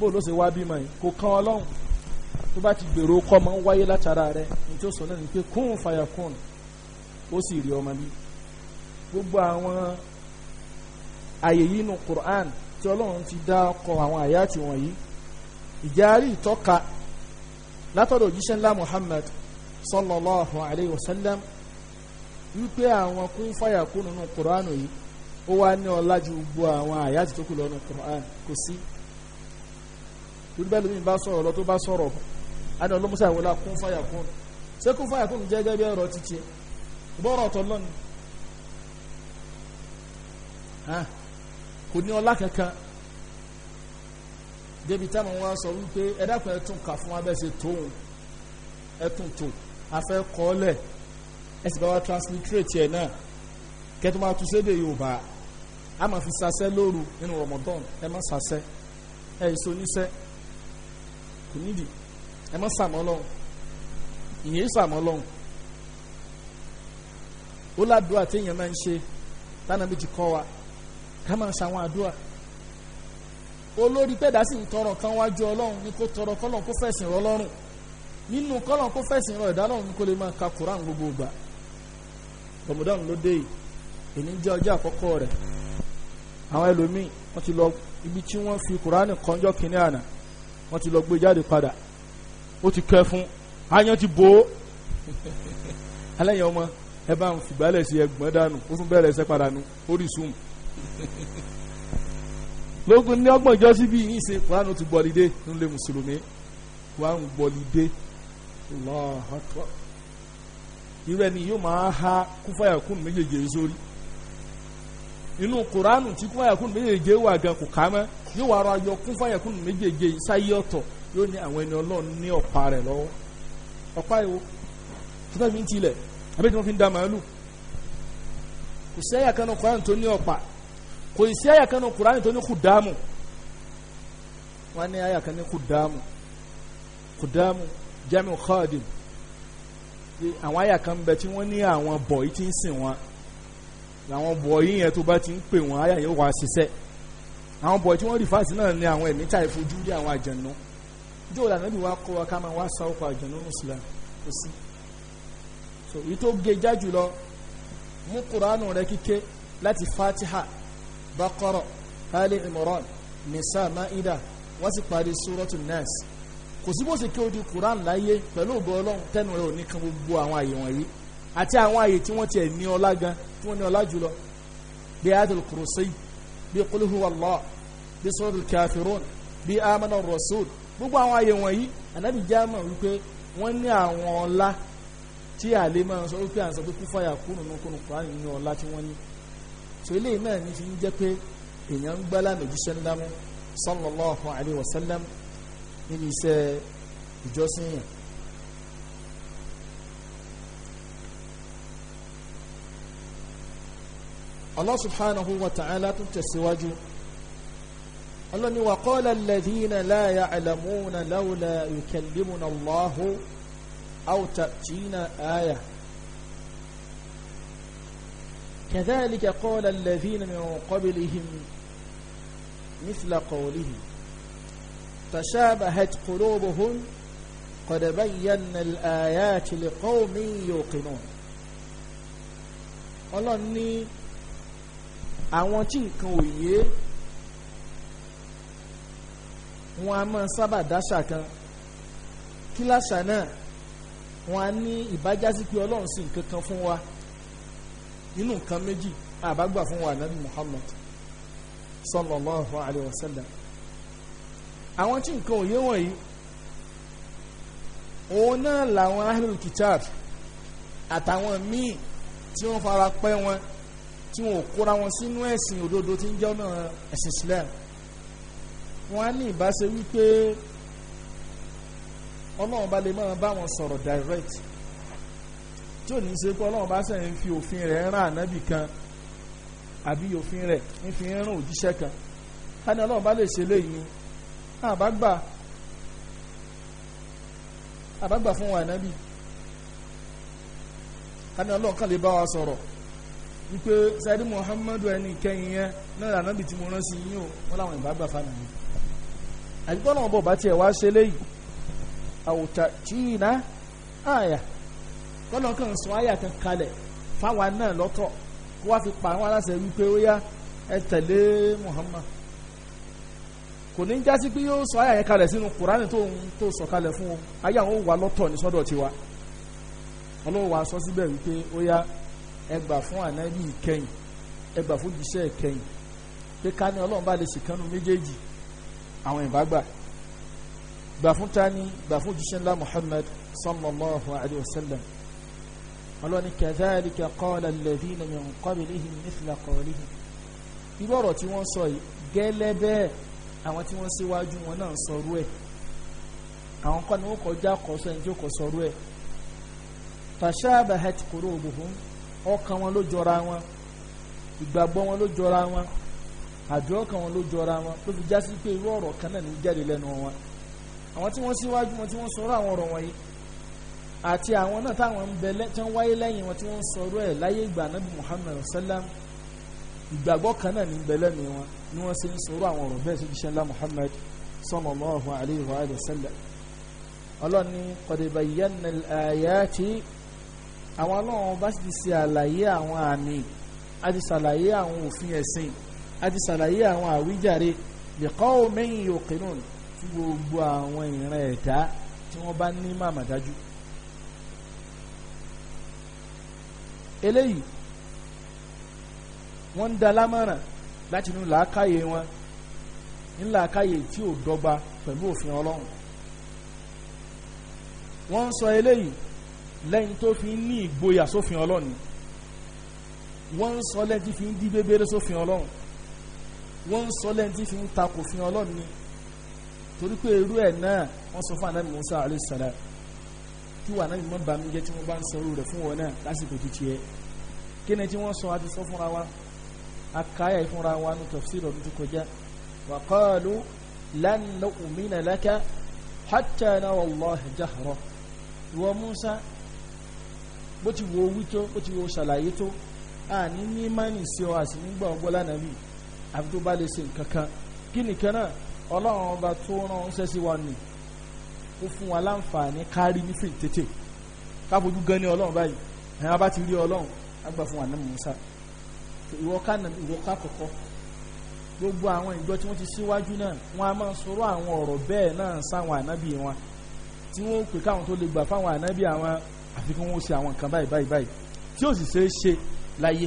bó ló ṣe wá rẹ kun ó sì rí ọmọ gbogbo àwọn àyè yìí Qur'an tí ọlọ́run ti dá ìjárí ìtọ́ka látọ̀dọ̀ òjíṣẹ́ ńlá Muhammad sallallahu alayhi wa sallam wípé àwọn kún fàyà kún nínú kuranu yìí ó wá ní ọlá ju gbogbo àwọn àyájú tó kù lọ́nu kuran kò sí torí bẹ́ẹ̀ lómi bá sọ̀rọ̀ lọ tó bá sọ̀rọ̀ àná ọlọ́musa ìwọlá kún fàyà kún ṣé kún fàyà kún jẹ́gẹ́ bí ọ̀rọ̀ títí bọ́ọ̀rọ̀ ọ̀tọ̀ lọ́nu kò ní ọlá kankan débi táwọn wá sọ wípé ẹ dákun ẹ tún kà fún wa bẹ́ẹ̀ ṣe tóun ẹ tún tò afẹ́ kọ́ọ́lẹ̀ ẹ sì bá wa transliterate ẹ̀ náà kẹ́tù máa tún sédè Yorùbá a máa fi sasẹ́ lóru nínú Ramadan ẹ má sasẹ́ ẹ yìí so níṣẹ́ kò nídìí ẹ má sàmọ́ lọ́hùn ìyẹn sàmọ́ lọ́hùn ó ládùúgbò àti máa ń ṣe tánàbí ti kọ́ wa ká máa ṣàwọn àdúrà. olórí pẹ̀dá sì ń tọrọ kan wájú ọlọ́run ni kó tọrọ kọ́lọ́n kó fẹ̀sìn rọ lọ́rùn nínú kọ́lọ́n kó fẹ̀sìn rọ ẹ̀dá lọ́run ni kó lè máa ka gbogbo ìgbà rọmọdán ló dé yìí èyí jẹ́ ọjọ́ àkọ́kọ́ rẹ̀ àwọn ẹlòmíì ti lọ ibi tí wọ́n fi koran kínní àná wọ́n ti lọ gbé jáde padà ó ti fún ayan ti bò ó *laughs* ọmọ ẹ bá ń fìgbálẹ̀ sí ẹgbọ́n dànù ó tún bẹ̀rẹ̀ *laughs* lógún ní ọgbọ̀n ìjọsí bíi yín ṣe kuranu ti gbọ́lidé nílé mùsùlùmí kuranu gbọ́lidé lọ́ọ̀họ́tọ̀ irú ẹni yóò máa ha kúfàyàkùn méjèèjì sórí inú kuranu tí kúfàyàkùn méjèèjì wà gan kò ká mọ́ yóò wá ara yọ kúfàyàkùn méjèèjì sáyé ọ̀tọ̀ yóò ní àwọn ẹni ọlọ́run ní ọ̀pá rẹ̀ lọ́wọ́ ọ̀pá tó fi ń tilẹ̀ wọ́n fi ń màálù kò sẹ́yà kan náà kuranu tó ní ọ̀pá kò sí àyà kan nínú Kùránì tó ní kùdámù wọ́n ní àyà kan ní kùdámù kùdámù jamiu khadim àwọn àyà kan bẹ tí wọ́n ní àwọn bọ̀ yìí ti ń sìn wọn àwọn bọ̀ yìí yẹn tó bá ti ń pè wọ́n àyà yóò wá ṣiṣẹ́ àwọn bọ̀ tí wọ́n rí fásitì náà ní àwọn ẹ̀mí táì fojú rí àwọn àjẹnú jó ìlànà bí wàá kọ́ wa ká máa wá sa ọkọ̀ àjẹnú mùsùlùmí kò sí so èyí tó ge já jùlọ mú kuranu rẹ kíké láti fatiha baqara ali imran nisa maida wọ́n sì parí suratu nas kò sí bó ṣe kí o di quran láyé pẹ̀lú ògbọ́ ọlọ́run tẹ́nu rẹ̀ ò ní kan gbogbo àwọn àyè wọ̀nyí àti àwọn àyè tí wọ́n ti ẹ̀ ní ọlá gan tí wọ́n ní ọlá jùlọ bí ayatul kursi bí qul huwa bí suratul kafirun bí amana rasul gbogbo àwọn àyè wọ̀nyí ànábì já wípé wọ́n ní àwọn ọlá tí àlè máa ń sọ wípé à pé kúfàyà kúrò nínú kúrò quran ní ọlá tí wọ́n ní so eléyìí náà ní fi ń jẹ́ pé èèyàn ń gbálà méjìṣẹ́ ńlá mú sallallahu alayhi wa sallam níbi iṣẹ́ ìjọsìn yẹn. Allah subhanahu wa ta'ala tún tẹ̀síwájú Allah wa qala alladhina la ya'lamuna lawla yukallimuna Allahu aw ta'tina ayah. كذلك قال الذين من قبلهم مثل قوله تشابهت قلوبهم قد بينا الآيات لقوم يوقنون ọlọ́run ní àwọn tí nǹkan ò yé wọn a máa sábà dáṣà kan kíláṣà náà wọn a ní ìbájásí pé ọlọ́run sì nǹkan kan fún wa nínú nǹkan méjì àbágbà fún wa nabi Muhammad sallallahu alayhi wa sallam àwọn tí nǹkan òye wọ̀nyí òun náà làwọn ahlul kitab àtàwọn míì tí wọ́n fara pẹ́ wọn tí wọ́n kóra wọn sínú ẹ̀sìn òdodo tí ń jẹ́ ọ̀nà ẹ̀sìn Islam wọ́n á ní ìbáṣe wípé ọlọ́run bá lè máa bá wọn sọ̀rọ̀ direct tí ò ní ṣe pé ọlọ́run bá sẹ̀ ń fi òfin rẹ̀ rán ànábì kan àbí òfin rẹ̀ ń fi rán òjíṣẹ́ kan ká ní ọlọ́run bá lè ṣe léyìí ni àbá gbà àbá fún wa ànábì ká ní ọlọ́run kan lè bá wa sọ̀rọ̀ wípé sẹ́dí muhammadu ẹni kẹ́yìn yẹn náà ànábì tí mo rán sí yín o wọ́n láwọn ìbá gbà fún ànábì náà bọ̀ bá tiẹ̀ wá ṣe léyìí àwòtà tìǹà àyà tọ́lọ́ kàn sọ àyà kan kalẹ̀ fáwa náà lọ́tọ̀ kó wá fi pa àwọn aláṣẹ wípé ó yá ẹ tẹ̀lé Muhammad kò ní jásí pé yóò sọ àyà yẹn kalẹ̀ sínú Kùránì tó ń tó sọ kalẹ̀ fún o àyà wọn ò lọ́tọ̀ ní sọ́dọ̀ tiwa ọlọ́wọ́ wa sọ síbẹ̀ wípé ó yá ẹ gbà fún ànábì ìkẹyìn ẹ gbà fún jíṣẹ́ ìkẹyìn pé ká ní Ọlọ́run bá lè ṣèkánu méjèèjì àwọn ìbágbà gbà fún tani gbà fún jíṣẹ́ ńlá Muhammad sallallahu alayhi wa sallam ọlọ́ni kadhalika qala alladhina min qablihim mithla qawlihim irú ọ̀rọ̀ tí wọ́n sọ yìí gẹ́lẹ́ bẹ́ẹ̀ àwọn tí wọ́n síwájú wọn náà sọrú ẹ̀ àwọn kan ní wọ́n kọjá kọ́sọ ẹni tí ó kọ sọrú ẹ̀ tashabahat qulubuhum ọkàn wọn ló jọra wọn ìgbàgbọ́ wọn ló jọra wọn àdúrà kan wọn ló jọra wọn tó fi já sí pé irú ọ̀rọ̀ kan náà ní jáde lẹ́nu wọn àwọn tí wọ́n síwájú wọn tí wọ́n sọ̀rọ̀ àwọn ọ̀rọ̀ wọ̀nyí àti àwọn náà táwọn ń bẹ tí wọ́n wáyé lẹ́yìn wọn tí wọ́n ń sọ̀rọ̀ ẹ̀ láyé ìgbà nábì Muhammad sallam ìgbàgbọ́ kan náà ní bẹ lẹ́nu wọn ni wọ́n ṣe ń sọ̀rọ̀ àwọn ọ̀rọ̀ bẹ́ẹ̀ síbi ṣẹlá Muhammad sallallahu alayhi wa sallam ọlọ́ni qad bayyana al-ayati àwọn ọlọ́run bá ti ṣe àlàyé àwọn àmì a ṣàlàyé àwọn òfin ẹ̀sìn a ṣàlàyé àwọn àwíjàre li qawmin yuqinun fún gbogbo àwọn ìran ẹ̀dá tí wọ́n bá ní màmá dájú. eléyìí wọ́n ń da lámọ̀ràn láti inú làákàyè wọn ńlàákàyè tí ò dọ́gba pẹ̀lú òfin ọlọ́run wọ́n ń sọ eléyìí lẹ́yìn tó fi ń ní ìgboyà sófin ọlọ́run wọ́n ń sọ lẹ́yìn tí fi ń dí bébéré sófin ọlọ́run wọ́n ń sọ lẹ́yìn tí fi ń takò fin ọlọ́run ni torí pé irú ẹ̀ náà wọ́n sọ fún ànábì Musa alayhi salam kí wà náà mọ́ bàmíjẹ́ tí wọ́n bá ń sọ̀rọ̀ rẹ̀ fún wọn náà lásìkò ti tiẹ̀ kí ni tí wọ́n sọ àti sọ fúnra wa akáyà ìfúnra wa ní tafsir ọdún tó kọjá wa qalu lan nu'mina laka hatta nara Allah jahra ìwọ Musa bó ti wo wí tó bó ti wo ṣàlàyé tó a ní ní mánì sí ọ àti nígbà ọgbọ́ lánàá bì àfi tó bá lè ṣe nǹkan kan kí nìkan náà ọlọ́run ọba tó rán ọ́nṣẹ́ sí wa nìyí ó fún wa láǹfààní kárí ní fèrè tètè kábojú gan ní ọlọ́run báyìí ẹ̀yìn abá ti rí ọlọ́run agbà fún wa ní musa ìwọ ká ìwọ ká kọ̀kọ́ gbogbo àwọn ìjọ tí wọ́n ti síwájú náà wọ́n a máa sọ̀rọ̀ àwọn ọ̀rọ̀ bẹ́ẹ̀ náà sáwọn ànábì wọn tí wọ́n pè káwọn tó lè gbà fáwọn ànábì àwọn àfikún wọn ó ṣe àwọn nǹkan báyìí báyìí báyìí tí ó sì ṣe é ṣe láyé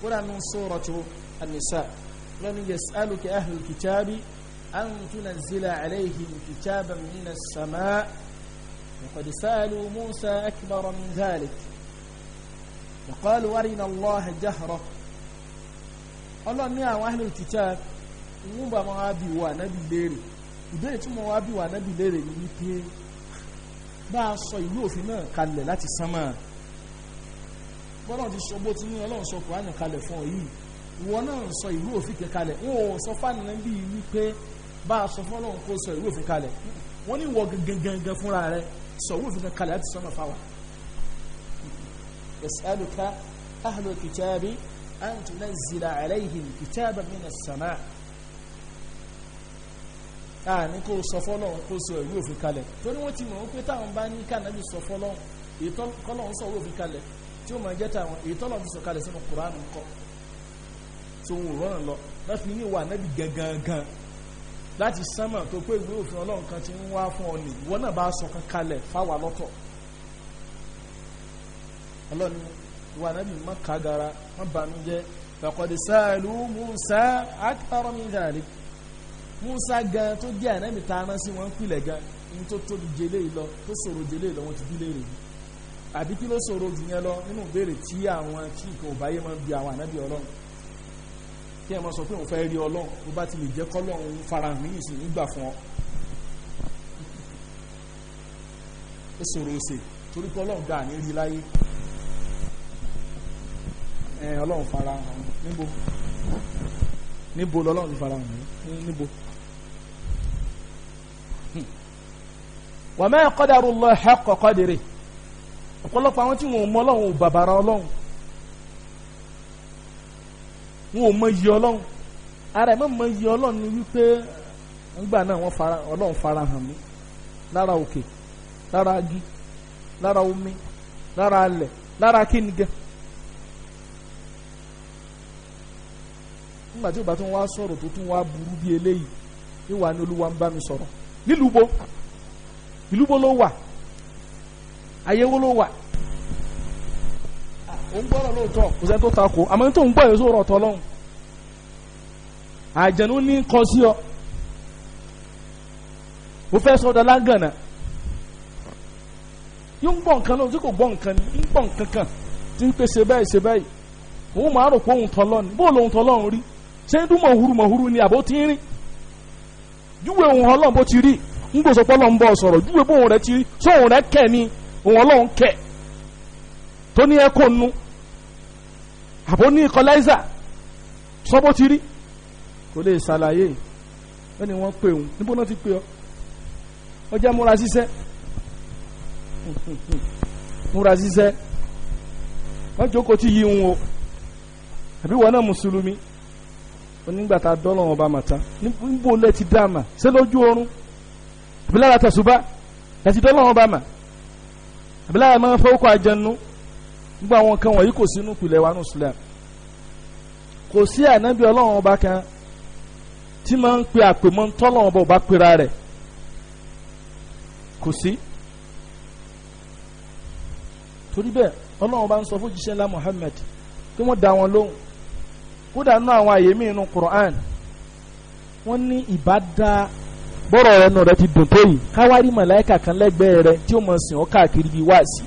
kódà nù sóràtù ànísà lọ́ni yas'aluka ahlul kitabi an tunazzila alayhim kitaban minas samaa وقد سألوا موسى أكبر من ذلك وقالوا أرنا الله جهرة الله ní àwọn ahlul kitab wọ́n bá máa bi wá nábì léèrè ìbéèrè tí wọ́n wá bi nábì léèrè ni wípé bá a sọ ìlú òfin náà kalẹ̀ láti sánmà bọ́lá ti sọ bó ti ní ọlọ́run sọ kùránì kalẹ̀ fún ọ yìí ìwọ náà sọ ìlú òfin kẹkalẹ̀ wọn ò sọ fáànà bíi wípé bá a sọ fọlọ́run kó sọ ìlú òfin kalẹ̀ wọ́n ní ìwọ gangan fúnra rẹ sọ ìlú òfin kalẹ̀ láti sọ́nà fáwa. yasaluka ahlu kitabi an tunazzila alayhim kitaban minas samaa àní kó sọ fọlọ́run kó sọ ìwé òfin kalẹ̀ torí wọ́n ti mọ̀ wípé táwọn bá ní kànáàbì sọ sọ ìwé òfin kalẹ̀ tí ó sọ kalẹ̀ tó ń rọrùn lọ náà fi ní ìwà ànábì gangan láti sánmà tó pé ìwé òfin ọlọ́run kan ti ń wá fún ọ nìyí wọn náà bá sọ kan kalẹ̀ fáwa lọ́tọ̀ ọlọ́run ìwà ànábì má kagara má bànújẹ́ fàkọ̀dé sáàlú musa akthara min dhalik musa gan tó jẹ́ ànábì tá a rán sí wọn pilẹ̀ gan ní tó tóbi jẹlé lọ tó ṣòro jẹlé lọ wọn ti bí léèrè yìí àbí kí ló ṣòro jù lọ nínú ìbéèrè tí àwọn tí nǹkan ò báyé máa ń bi àwọn ànábì ọlọ́run kí ẹ máa sọ pé òun fẹ́ rí ọlọ́run bó bá ti lè jẹ́ kọ́lọ́run farahàn mí nìsín nígbà fún ọ ó ṣòro ṣe torí pé ọlọ́run gbà ní rí láyé ẹ ọlọ́run farahàn níbo níbo lọ́lọ́run ti farahàn mí níbo. wa ma qadarullahi haqqa qadrihi ọ̀pọ̀lọpọ̀ àwọn tí wọ́n mọ ọlọ́run bàbàrà ọlọ́run. wọn ò mọ ọlọ́run ara ẹ̀ mọ̀ mọ iye ọlọ́run ni wípé ńgbà náà wọ́n fara ọlọ́run agi lára omi lára alẹ̀ lára kíni nígbà tí ìbátan wá sọ̀rọ̀ tó tún wá burú bí eléyìí ìwà ni olúwa ń bá mi sọ̀rọ̀ nílùú bo ìlú bo ló wà ló wà ó ń gbọ́rọ̀ lóòótọ́ kò sẹ́ni tó ta kò àmọ́ tó ń gbọ́ èso rọ̀ tọ́ lọ́hùn àjẹnú ní kọ sí ọ mo fẹ́ sọ dọ́là gànà yóò ń gbọ́ nǹkan náà tí kò gbọ́ nǹkan ní gbọ́ nǹkan kan tí ń pè ṣe báyìí ṣe báyìí òun máa rò pé òun tọ́ lọ́ni bó lòun tọ́ lọ́run rí ṣé ń dún mọ̀húrú mọ̀húrú ni àbó ti ń rìn júwe òun ọlọ́run bó ti rí ń gbòòsọ pọ́lọ́ ń bọ̀ sọ̀rọ̀ júwe bóun rẹ ti rí sóun rẹ kẹ̀ ni òun ọlọ́run kẹ̀ tó ní ẹ̀kọ́ nu àbó ní equalizer sọ́bó ti rí kò lè ṣàlàyé wọ́n ni wọ́n pè òun níbo náà ti pè ọ́ ọjà múra ṣiṣẹ́ *laughs* múra ṣiṣẹ́ wọ́n jókòó ti yí ń o àbí wọn náà mùsùlùmí onígbàtà dọ́lọ̀ ọba màtá níbo lẹ ti dá àmà ṣé lójú oorun àbí lára tẹ̀sùbá lẹ ti dọ́lọ̀ ọba mà àbí lára máa fọwọ́kọ àjẹnu nígbà àwọn kan wọ̀nyí kò sínú ìpìlẹ̀ wa ní Islam kò sí ànábì ọlọ́run ọba kan tí máa ń pe àpèmọ́ ntọ́lọ́run ọba ọba pera rẹ̀ kò sí torí bẹ́ẹ̀ ọlọ́run ọba ń sọ fún jíṣẹ́ ńlá Muhammad kí wọ́n dá wọn lóhùn kódà nínú àwọn àyè míì nínú Quran wọ́n ní ìbádá bọ́rọ̀ rẹ̀ nù rẹ̀ ti dùn tó yìí káwárí màláìkà kan lẹ́gbẹ̀ẹ́ rẹ̀ tí ó mọ̀ sìn ọ́ káàkiri bíi wáàsí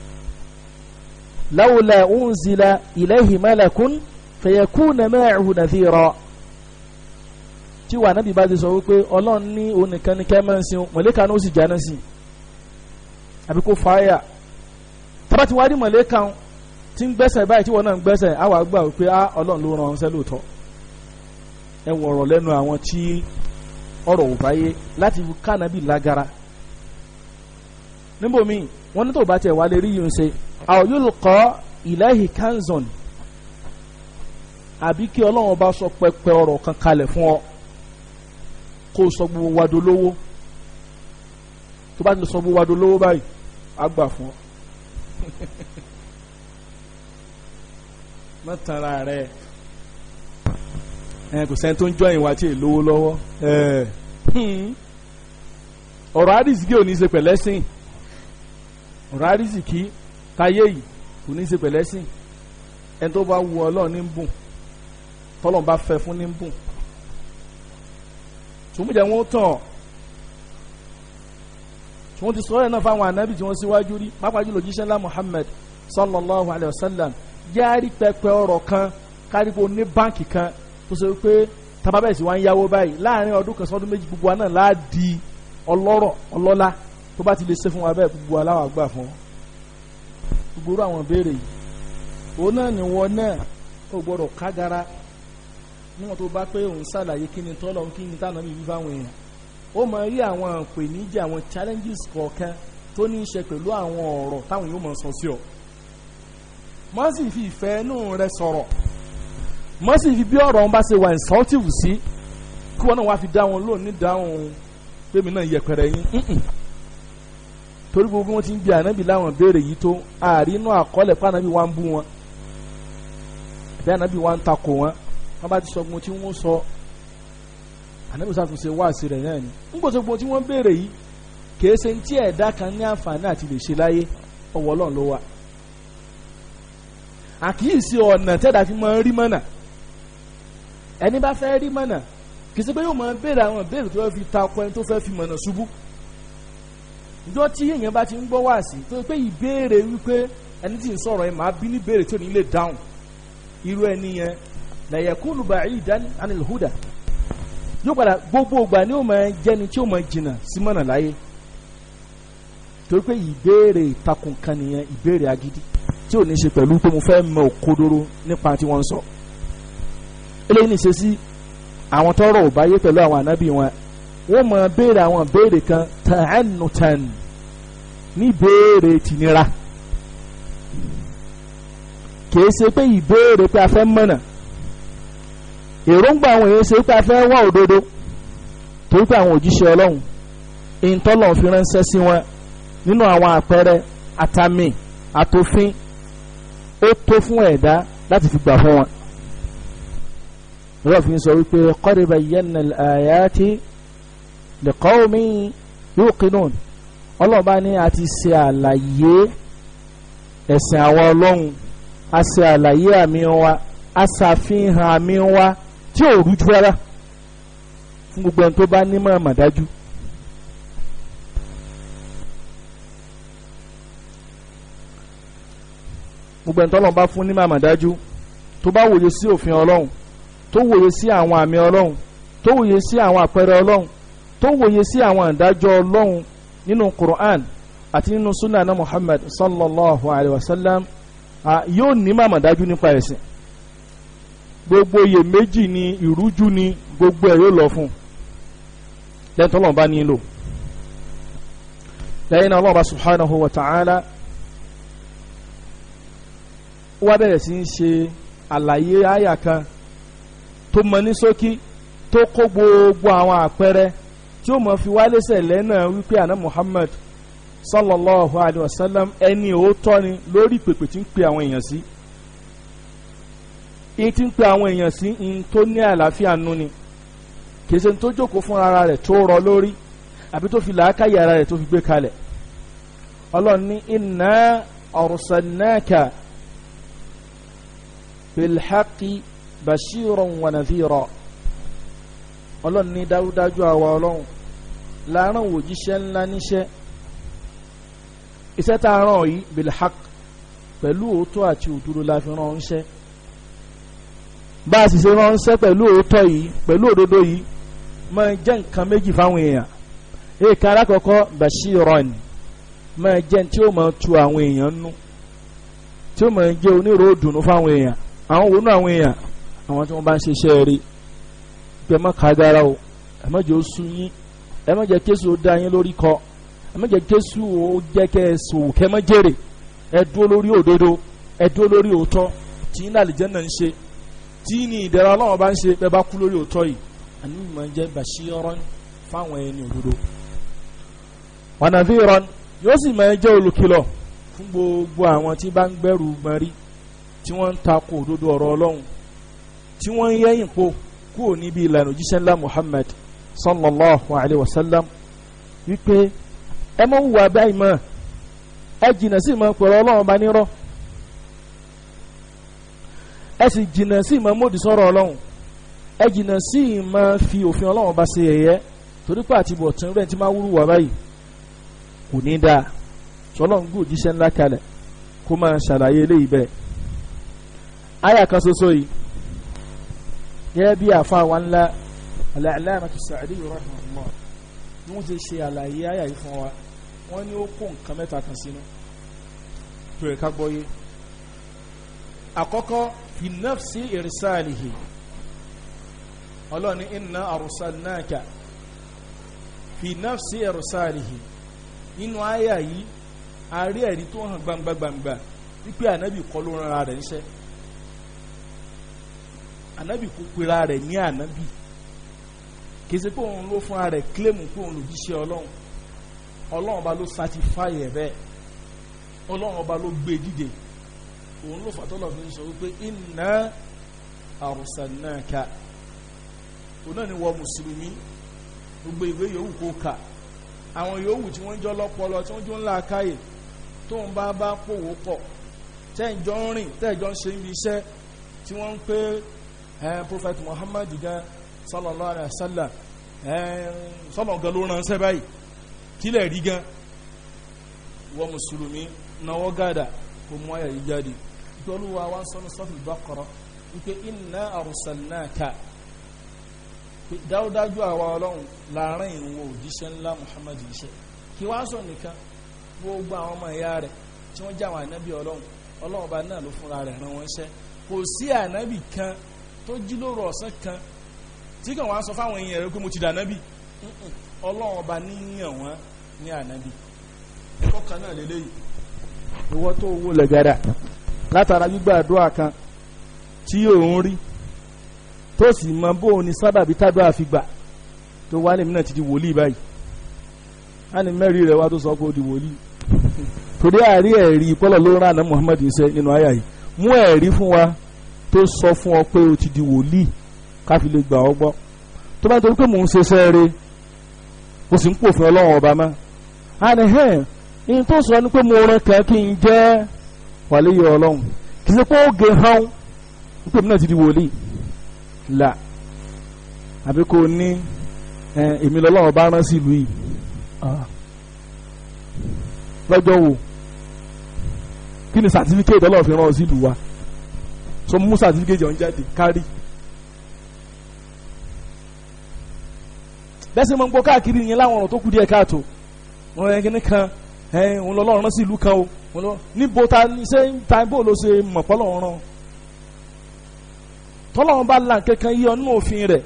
لولا أنزل إليه ملك فيكون معه نذيرا tí wà nábì bá ti sọ wípé ọlọ́run ní onìkan ní kẹ́ máa ń sin mọ̀lẹ́ka ní ó sì jáná sí i àbí kó fàáyà tábà tí wàá rí mọ̀lẹ́ka tí ń gbẹ́sẹ̀ báyìí tí wọ́n náà ń gbẹ́sẹ̀ á wàá gbà wípé ah, ọlọ́run ló ran ọ̀sẹ́ lóòótọ́ ẹ wọ̀rọ̀ lẹ́nu àwọn tí ọ̀rọ̀ ò bá yé láti ká nábì lágara níbòmíì wọ́n ní tó bá tiẹ̀ wá lè rí yìí ń ṣe aw yulqa ilahi kanzon àbí kí ọlọ́run bá sọ pẹpẹ ọ̀rọ̀ kan kalẹ̀ fún ọ kó o sọ gbogbo wa dolówó tó bá ti sọ gbogbo wa dolówó báyìí á gbà fún ọ mọ́tara rẹ̀ ẹ kò sẹ́ni tó ń jọ ìwà tí ì lówó lọ́wọ́ ẹ hmm. ọ̀rọ̀ àdìsíkì ò ní í ṣe pẹ̀lẹ́sìn ọ̀rọ̀ àdìsíkì táyé yìí kò ní í ṣe pẹ̀lẹ́sìn ẹni tó bá wu ọlọ́run ní bùn tọ́lọ́n bá fẹ́ fún ní bùn tùmùjẹ́ wọn tàn tí wọ́n ti sọ ẹ̀ náà fáwọn ànábì tí wọ́n síwájú rí pápá jùlọ jíṣẹ́ ńlá Muhammad sallallahu alayhi wa sallam yáàrí pẹpẹ ọ̀rọ̀ kan kárígbó ní báǹkì kan tó ṣe pé tababẹ́sì wa ń yáwó báyìí láàrin ọdún kan sọdún méjì gbogbo wa náà láà di ọlọ́rọ̀ ọlọ́lá tó bá ti lè ṣe fún wa bẹ́ẹ̀ gbogbo wa láwàá gbà fún wọn gbogbo àwọn béèrè yìí òun náà ni wọn náà ó gbọ́dọ̀ kágara níwọ̀n tó bá pé òun ṣàlàyé kí ni tọ́lọ̀ kí ni tánà mi fífa àwọn èèyàn ó máa rí àwọn ìpèníjà àwọn challenges kọ̀ọ̀kan tó ní í ṣe pẹ̀lú àwọn ọ̀rọ̀ táwọn yóò máa sọ sí ọ má sì fi ìfẹ́ inú rẹ sọ̀rọ̀ má sì fi bí ọ̀rọ̀ wọn bá ṣe wà insultive sí kí wọn náà wá fi dá wọn lónìí dáhùn pé mi náà yẹpẹrẹ yín torí gbogbo wọn ti ń bi ànábì láwọn béèrè yìí tó àrínú àkọọ́lẹ̀ pé ànábì wa ń bú wọn bí ànábì wa ń takò wọn wọn bá ti sọ gbogbo tí wọn sọ ànábì sàfihàn wáàsí rẹ̀ náà ni ń gbọ́dọ̀ gbogbo tí wọ́n béèrè yìí kì í ṣe ní tí ẹ̀dá kan ní àǹfààní àti lè ṣe láyé ọwọ́ ọlọ́run ló wà àkíyèsí ọ̀nà tẹ́dà fi máa ń rí mọ́nà ẹni bá fẹ́ rí mọ́nà kì ṣe pé yóò máa béèrè àwọn béèrè tó fẹ́ fi ta ọkọ ẹni tó fẹ́ fi mọ̀nà ṣubú ìjọ tí èèyàn bá ti ń gbọ́ wá sí tó pé ìbéèrè wípé ẹni tí ń sọ̀rọ̀ yẹn màá bí ní béèrè tí ò ní lè dáhùn irú ẹni yẹn lẹ́yẹ̀kúnù báyìí dání anilhuda yóò padà gbogbo ìgbà ni ó máa jẹni tí ó máa jìnnà sí mọ́nà láyé torí pé ìbéèrè ìtakùn kan nìyẹn ìbéèrè agídí tí ò ní ṣe pẹ̀lú pé mo fẹ́ mọ òkodoro nípa tí wọ́n ń sọ eléyìí ní ṣe àwọn tọrọ ò bá pẹ̀lú àwọn ànábì wọn wọ́n máa béèrè àwọn béèrè kan tàánùtàn ní béèrè tìnira kìí ṣe pé ìbéèrè pé a fẹ́ mọ̀nà èròǹgbà àwọn èèyàn ṣe pé a fẹ́ wá òdodo torí pé àwọn òjíṣẹ́ ọlọ́run ìǹtọ́lọ̀ fi ránṣẹ́ sí wọn nínú àwọn àpẹẹrẹ àtàmì àtòfin ó tó fún ẹ̀dá láti fi gbà fún wọn. rọ́ọ̀fin sọ wípé qad bayyana al-ayati liqawmi yuqinun ọlọ́ọ̀bá ní a ti ṣe àlàyé ẹ̀sìn àwọn ọlọ́run a ṣe àlàyé àmì wa a ṣàfihàn àmì wa tí ò rújú rárá fún gbogbo ẹni tó bá nímọ̀ ọ̀mọ̀ dájú. gbogbo ẹni tọ́lọ́n bá fún nímọ̀ ọ̀mọ̀ tó bá wòye sí òfin ọlọ́run tó wòye sí àwọn àmì ọlọ́run tó wòye sí àwọn àpẹẹrẹ ọlọ́run tó wòye sí àwọn àdájọ́ ọlọ́run nínú Qur'an àti nínú sunna na Muhammad sallallahu alayhi wa sallam yóò ní màmá dájú nípa ẹ̀sìn gbogbo iyèméjì ni ìrújú ni gbogbo ẹ̀ yóò lọ fún lẹ́yìn tó lọ́nba nílò lẹ́yìn náà Allah subhanahu wa ta'ala wá bẹ̀rẹ̀ sí ń ṣe àlàyé àyà kan tó mọ ní ṣókí tó kó gbogbo àwọn àpẹẹrẹ tí ó mọ̀ fi wálé sẹ̀lẹ̀ náà wípé àná Muhammad sallallahu alayhi wa sallam ẹni òótọ́ ni lórí ìpèpè tí ń pe àwọn èèyàn sí èyí tí ń pe àwọn èèyàn sí ń tó ní àlàáfíà nú ni kìí ṣe ń tó jókòó fún ara rẹ̀ tó rọ lórí àbí tó fi làákàyè ara rẹ̀ tó fi gbé kalẹ̀ ọlọ́run ní inna arsalnaka bilhaqi bashiran wa ọlọ́run ní dájúdájú àwa ọlọ́run láàrin òjíṣẹ́ ńlá níṣẹ́ iṣẹ́ tá a rán yìí bilhaq pẹ̀lú òótọ́ àti òdodo la fi rán ṣẹ́ bá a sì ṣe rán ṣẹ́ pẹ̀lú òótọ́ yìí pẹ̀lú òdodo yìí máa jẹ́ nǹkan méjì fáwọn èèyàn èèkà alákọ̀ọ́kọ́ bashiran máa jẹ́ tí ó máa tu àwọn èèyàn nú tí ó máa jẹ́ onírò dùnú fáwọn èèyàn àwọn wònú àwọn èèyàn àwọn tí wọ́n bá ń ṣiṣẹ́ rí pé ẹ o ẹ má yín ẹ má jẹ́ kéṣù ó dá yín lórí kọ ẹ má jẹ́ kéṣù ó jẹ́ kẹ́ ẹ sòwò kẹ́ má jèrè ẹ dúró lórí òdodo ẹ dúró lórí òótọ́ tí iná àlìjẹ́nà ń ṣe tí ní ìdẹ̀ra ọlọ́run bá ń ṣe bẹ́ẹ̀ bá kú lórí òótọ́ yìí àní ìmọ̀ ń jẹ́ bashiran fáwọn ẹni òdodo wa nadhiran yóò sì máa jẹ́ olùkìlọ̀ fún gbogbo àwọn tí bá ń gbẹ́rù gbọ́nrí tí wọ́n ń takò òdodo ọ̀rọ̀ ọlọ́run tí wọ́n ń yẹ́yìn po kúrò níbi ìlànà òjíṣẹ́ ńlá Muhammad sallallahu alayhi wa sallam wípé ẹ mọ̀ ń wà báyìí mọ̀ ẹ jìnnà sí ìmọ̀ pẹ̀lú ọlọ́run bá nírọ̀ ẹ sì jìnnà sí ìmọ̀ mòdì sọ̀rọ̀ ọlọ́run ẹ jìnnà sí ìmọ̀ fi òfin ọlọ́run bá ṣe yẹ̀yẹ́ torí pé àti bọ̀ tún rẹ̀ ti máa wúrú wà báyìí kò ní dáa sọlọ́n gùn jíṣẹ́ ńlá kalẹ̀ kó máa ṣàlàyé eléyìí bẹ́ẹ̀ àyà kan ṣoṣo yìí gẹ́gẹ́ bí àfa wa ńlá Al-Allamah As-Sa'di rahimahullah ni wọ́n ti ṣe àlàyé àyà yìí fún wa wọ́n ní ó kó nǹkan mẹ́ta kan sínú tó yẹ ká gbọ́yé àkọ́kọ́ fi nafsi irsalihi ọlọ́ni inna arsalnaka fi nafsi irsalihi nínú àyà yìí a rí ẹ̀rí tó hàn gbangba gbangba wípé ànábì kọ́ ló rán ara rẹ̀ pera rẹ̀ ní ànábì kìí ṣe pé òun ló fúnra rẹ̀ kílèmù pé òun lòjíṣẹ́ ọlọ́run ọlọ́run ọba ló satisfy ẹ̀ bẹ́ẹ̀ ọlọ́run ọba ló gbé e dìde òun ló fàtọ́lọ̀ fi ń sọ wípé inna arsalnaka òun náà ni wọ mùsùlùmí gbogbo ìwé yòówù kó kà àwọn yòówù tí wọ́n jọ lọ́pọlọ tí wọ́n jọ ńlá káyè tóun bá bá pòwó pọ̀ tẹ́ǹjọ́ ń rìn tẹ́ǹjọ́ ń ṣe ibi iṣẹ́ tí wọ́n ń pè ẹ́ prophet Muhammad gan-an sallallahu alaihi wasallam sọ́lọ̀ gan ló ránṣẹ́ báyìí tílẹ̀ rí gan wọ́n mùsùlùmí náwó gàdà kò mú àyà yìí jáde ìtọ́lúwa wá sọ́nù sọ́tù Baqara wípé inna arsalnaka dáúdájú àwa ọlọ́run láàrin ìwò òjíṣẹ́ ńlá Muhammad iṣẹ́ kí wá sọ nìkan gbogbo àwọn ọmọ ìyá rẹ̀ tí wọ́n jáwọn ànábì ọlọ́run ọlọ́run bá náà ló fúnra rẹ̀ rán wọn iṣẹ́ kò sí ànábì kan tó jí lóru ọ̀sán kan tí kàn wá sọ fáwọn èèyàn rẹ pé mo ti dà nábì ọlọ́run ọba níyàn wọn ní ànábì ẹ̀kọ́ kan náà lélẹ́yìí. ìwọ tó owó lẹ́gàdà látara gbígbàdúrà kan tí òun rí tó sì mọ bóun ni sábàbí tádùá fi gbà tó wá lèmi náà ti di wòlíì báyìí á mẹ́rin rẹ̀ wá tó sọ pé ó di wòlíì torí àárí ẹ̀rí pọ́lọ̀ ló rán àná Muhammad ṣe nínú àyà yìí mú ẹ̀rí fún wa tó sọ fún ọ pé ó ti di wòlíì káfí lè gbà ọ́ gbọ́ tó bá torí pé mò ń ṣe sẹ́ẹ̀rẹ́ o sì ń pòfin ọlọ́run ọba mọ́ àná hẹ́n eh, ní tó sọ ni pé mo rán kan kí n jẹ́ wàlíyé ọlọ́run kì í ṣe pé ó ge hán nípa èmi náà ti di wòlíì là àbí kò ní èmi lọ́lọ́run ọba rán sí ìlú yìí lọ́jọ́ wo kí ni sàtífíkẹ́tì ọlọ́run fi rán ọ sí ìlú wa so mú sàtífíkẹ́tì ọ̀hún jáde kárí. bẹ́ẹ̀ sì máa ń gbọ́ káàkiri yẹn láwọn ọ̀rọ̀ tó kù díẹ̀ káàtó wọn yẹn kíní kan ẹ̀ẹ́n òun lọ́lọ́run rán sí ìlú kan o níbo ta ṣé ń ta bó ló ṣe mọ̀ pọ́lọ́run rán tọ́lọ́run bá la kankan yí ọ nínú òfin rẹ̀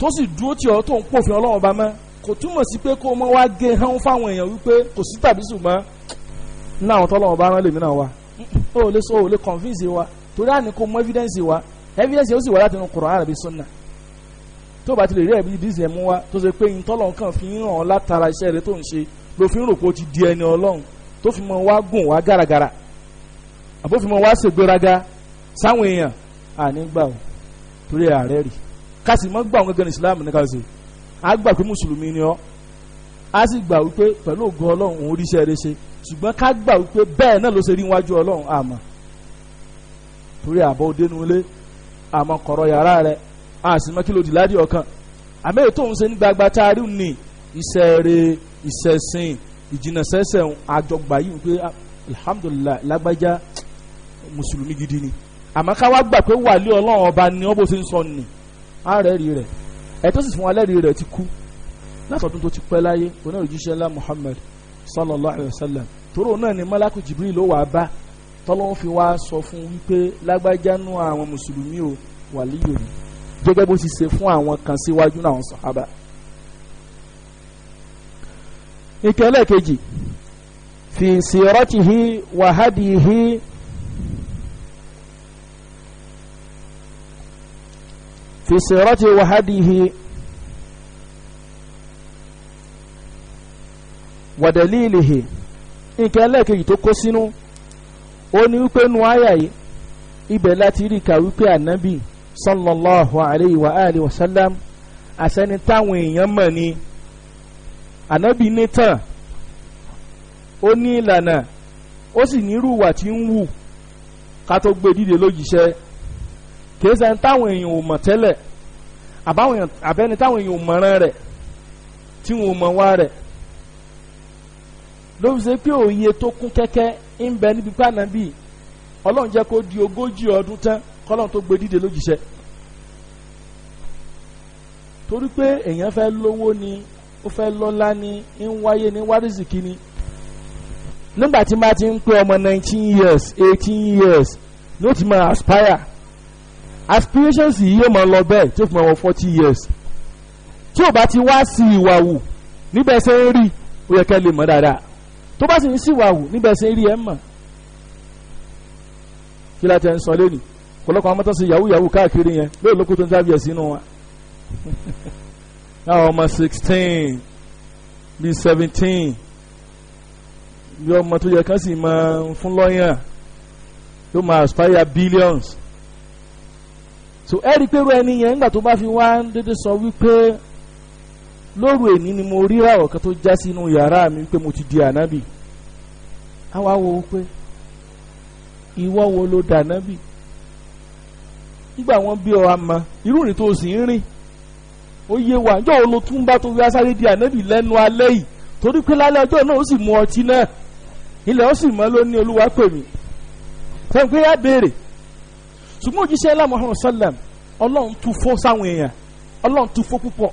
tó sì dúró tì ọ́ tó ń pòfin ọlọ́run bá mọ́ kò túmọ̀ sí pé kó o mọ́ wá gé e hán fáwọn èèyàn wípé kò sí tàbí ṣùgbọ́n náà àwọn tọ́lọ́run bá rán lèmi náà wá ó lè sọ ó lè convince wa torí àní kò mọ evidence wa evidence yóò sì wá láti inú Kùránì àbí Sunnah tó bá ti lè rí ẹ̀bí díìsì ẹ̀ mú wá tó ṣe pé ìtọ́lọ̀ kan fi ń hàn ọ́ látara iṣẹ́ rẹ tó ń ṣe ló fi ń rò pé ó ti di ẹni ọlọ́run tó fi mọ wá gùn wá gàràgàrà àbófin mọ wá ṣègbéraga sáwọn èèyàn ànígbà ò torí ààrẹ rì kásì mọ́ gbà wọn gẹ́gẹ́ ní Islam ní kásì á gbà pé mùsùlùmí ni ọ́ á sì gbà wípé pẹ̀lú ògo ọlọ́run òun ríṣẹ́ rẹ ṣe ṣùgbọ́n ká gbà wípé bẹ́ẹ̀ náà ló ṣe rí wájú ọlọ́run àmọ́ torí àbọ̀ òdenu àmọ́ kọ̀rọ̀ yàrá rẹ̀ àsìmọ́ kí ló di ládìí ọ̀kan ame ètò òun ṣe ní gbagba tá a rí ní iṣẹ́ rẹ̀ ìṣẹ̀sìn ìjìnàṣẹ́sẹ̀ àjọgbà yìí wípé alhamdulillah lágbájá mùsùlùmí gidi ni àmọ́ ká wá gbà pé wàlíì ọlọ́run ọba ni wọ́n bó ṣe ń sọ nì àárẹ̀rí rẹ̀ ẹ̀tọ́ sì fún wa lẹ́rìí rẹ̀ ti kú látọ̀dún tó ti pẹ́ láyé onáà òjíṣẹ́ ńlá Muhammad sallallahu alayhi wa sallam tóró náà ni malaku Jibril ló wà á bá tọ́lọ́wọ́n fi wá sọ fún wípé lágbájá nú àwọn mùsùlùmí o wàlíì òní gẹ́gẹ́ bó ti ṣe fún àwọn kan síwájú náà sọ̀hábà. ìkẹlẹ̀ kejì fi siratihi wa hadihi fi siratihi wa hadihi wa dalilihi ìkẹlẹ̀ kejì tó kó sínú ó ní wípé nu àyà yìí ibẹ̀ láti rí i wípé ànábì sallallahu alayhi wa alihi wa sallam àṣẹni táwọn èèyàn mọ̀ ni ànábì ní tàn ó ní ìlànà ó sì nírú ìwà tí ń wù ká tó gbé dìde lójíṣẹ́ kìí ṣe táwọn èèyàn ò mọ̀ tẹ́lẹ̀ àbẹ́ni táwọn èèyàn ò mọ̀ràn rẹ̀ tí wọn ò mọ̀ wá rẹ̀ ló fi ṣe pé òye tó kún kẹ́kẹ́ ń bẹ níbi pàànàbì ọlọ́run jẹ́ kó di ogójì ọdún tán kọ́lọ́run tó gbé dìde lójíṣẹ́ torí pé èèyàn fẹ́ lówó ni ó fẹ́ lọ́lá ni ń wáyé ní wárìsìkì ni nígbà tí máa ti ń pé ọmọ nineteen years eighteen years ni ó ti máa aspire aspirations yìí yóò máa lọ bẹ́ẹ̀ tí ó fi máa wọ forty years tí ò bá ti wá sí ìwà wù níbẹ̀ ṣe ń rí ó yẹ kẹ́ lè mọ̀ dáadáa tó bá sì ń sí ìwà wù níbẹ̀ ṣe ń rí ẹ̀ mọ̀ kí la tẹ̀ ń sọ lẹ́nu ọ̀pọ̀lọpọ̀ àwọn mọ́tò sí yahoo yahoo káàkiri yẹn lóòlókò ń sábìyẹ̀ sínú wa àwọn *laughs* ọmọ sixteen be seventeen bí ọmọ tó yẹ kán sì máa ń fún lọ́yàn yóò máa aspire billions so every rí i pé irú ẹni yẹn nígbà tó bá fi wá dédé sọ wípé lóru èní ni mo ríra ọ̀kan tó já sínú yàrá mi pé mo ti di ànábì àwa wo pé ìwọ wo ló dànábì nígbà wọn bí ọ àmọ́ irú rìn tó sì ń rìn ó yé wa ǹjọ́ wo lo tún bá tó wí asáré di ànábì lẹ́nu alẹ́ yìí torí pé lálẹ́ ọjọ́ náà ó sì mu ọtí náà ilẹ̀ ó sì mọ́ ló ní olúwa pè mí fẹ́mi pé yá béèrè ṣùgbọ́n òjíṣẹ́ ńlá Muhammad sallam ọlọ́run tún fọ́ sáwọn èèyàn ọlọ́run tún fọ́ púpọ̀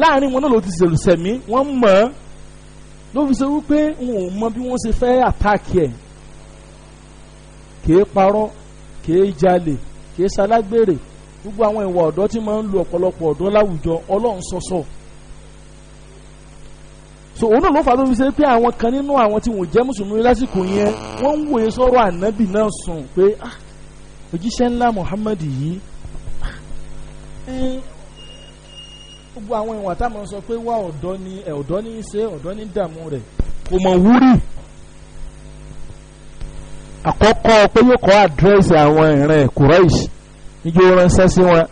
láàrin wọn náà ló ti ṣèlú sẹ̀mí wọ́n mọ̀ ọ́ ló fi ṣe wípé wọn ò mọ bí wọ́n ṣe fẹ́ àtàkì ẹ̀ kèé parọ́ kèé jalè kèé ṣalágbèrè gbogbo àwọn ìwà ọ̀dọ́ tí máa ń lu ọ̀pọ̀lọpọ̀ ọ̀dọ́ láwùjọ ọlọ́run sọ̀sọ̀ so òun náà ló fà á tó fi ṣe pé àwọn kan nínú àwọn tí wọn jẹ́ mùsùlùmí lásìkò yẹn wọ́n ń wòye sọ̀rọ̀ ànábì náà sùn pé ah òjíṣẹ́ ńlá Muhammad yìí ah, eh. gbogbo àwọn ìwà táwọn sọ pé wá ọ̀dọ́ ni ọ̀dọ́ ní í ṣe ọ̀dọ́ ní dààmú rẹ̀ kò mọ̀ wúrì àkọ́kọ́ pé yóò kọ́ àdírẹ́sì àwọn ìran Quraish níjó ránṣẹ́ sí wọn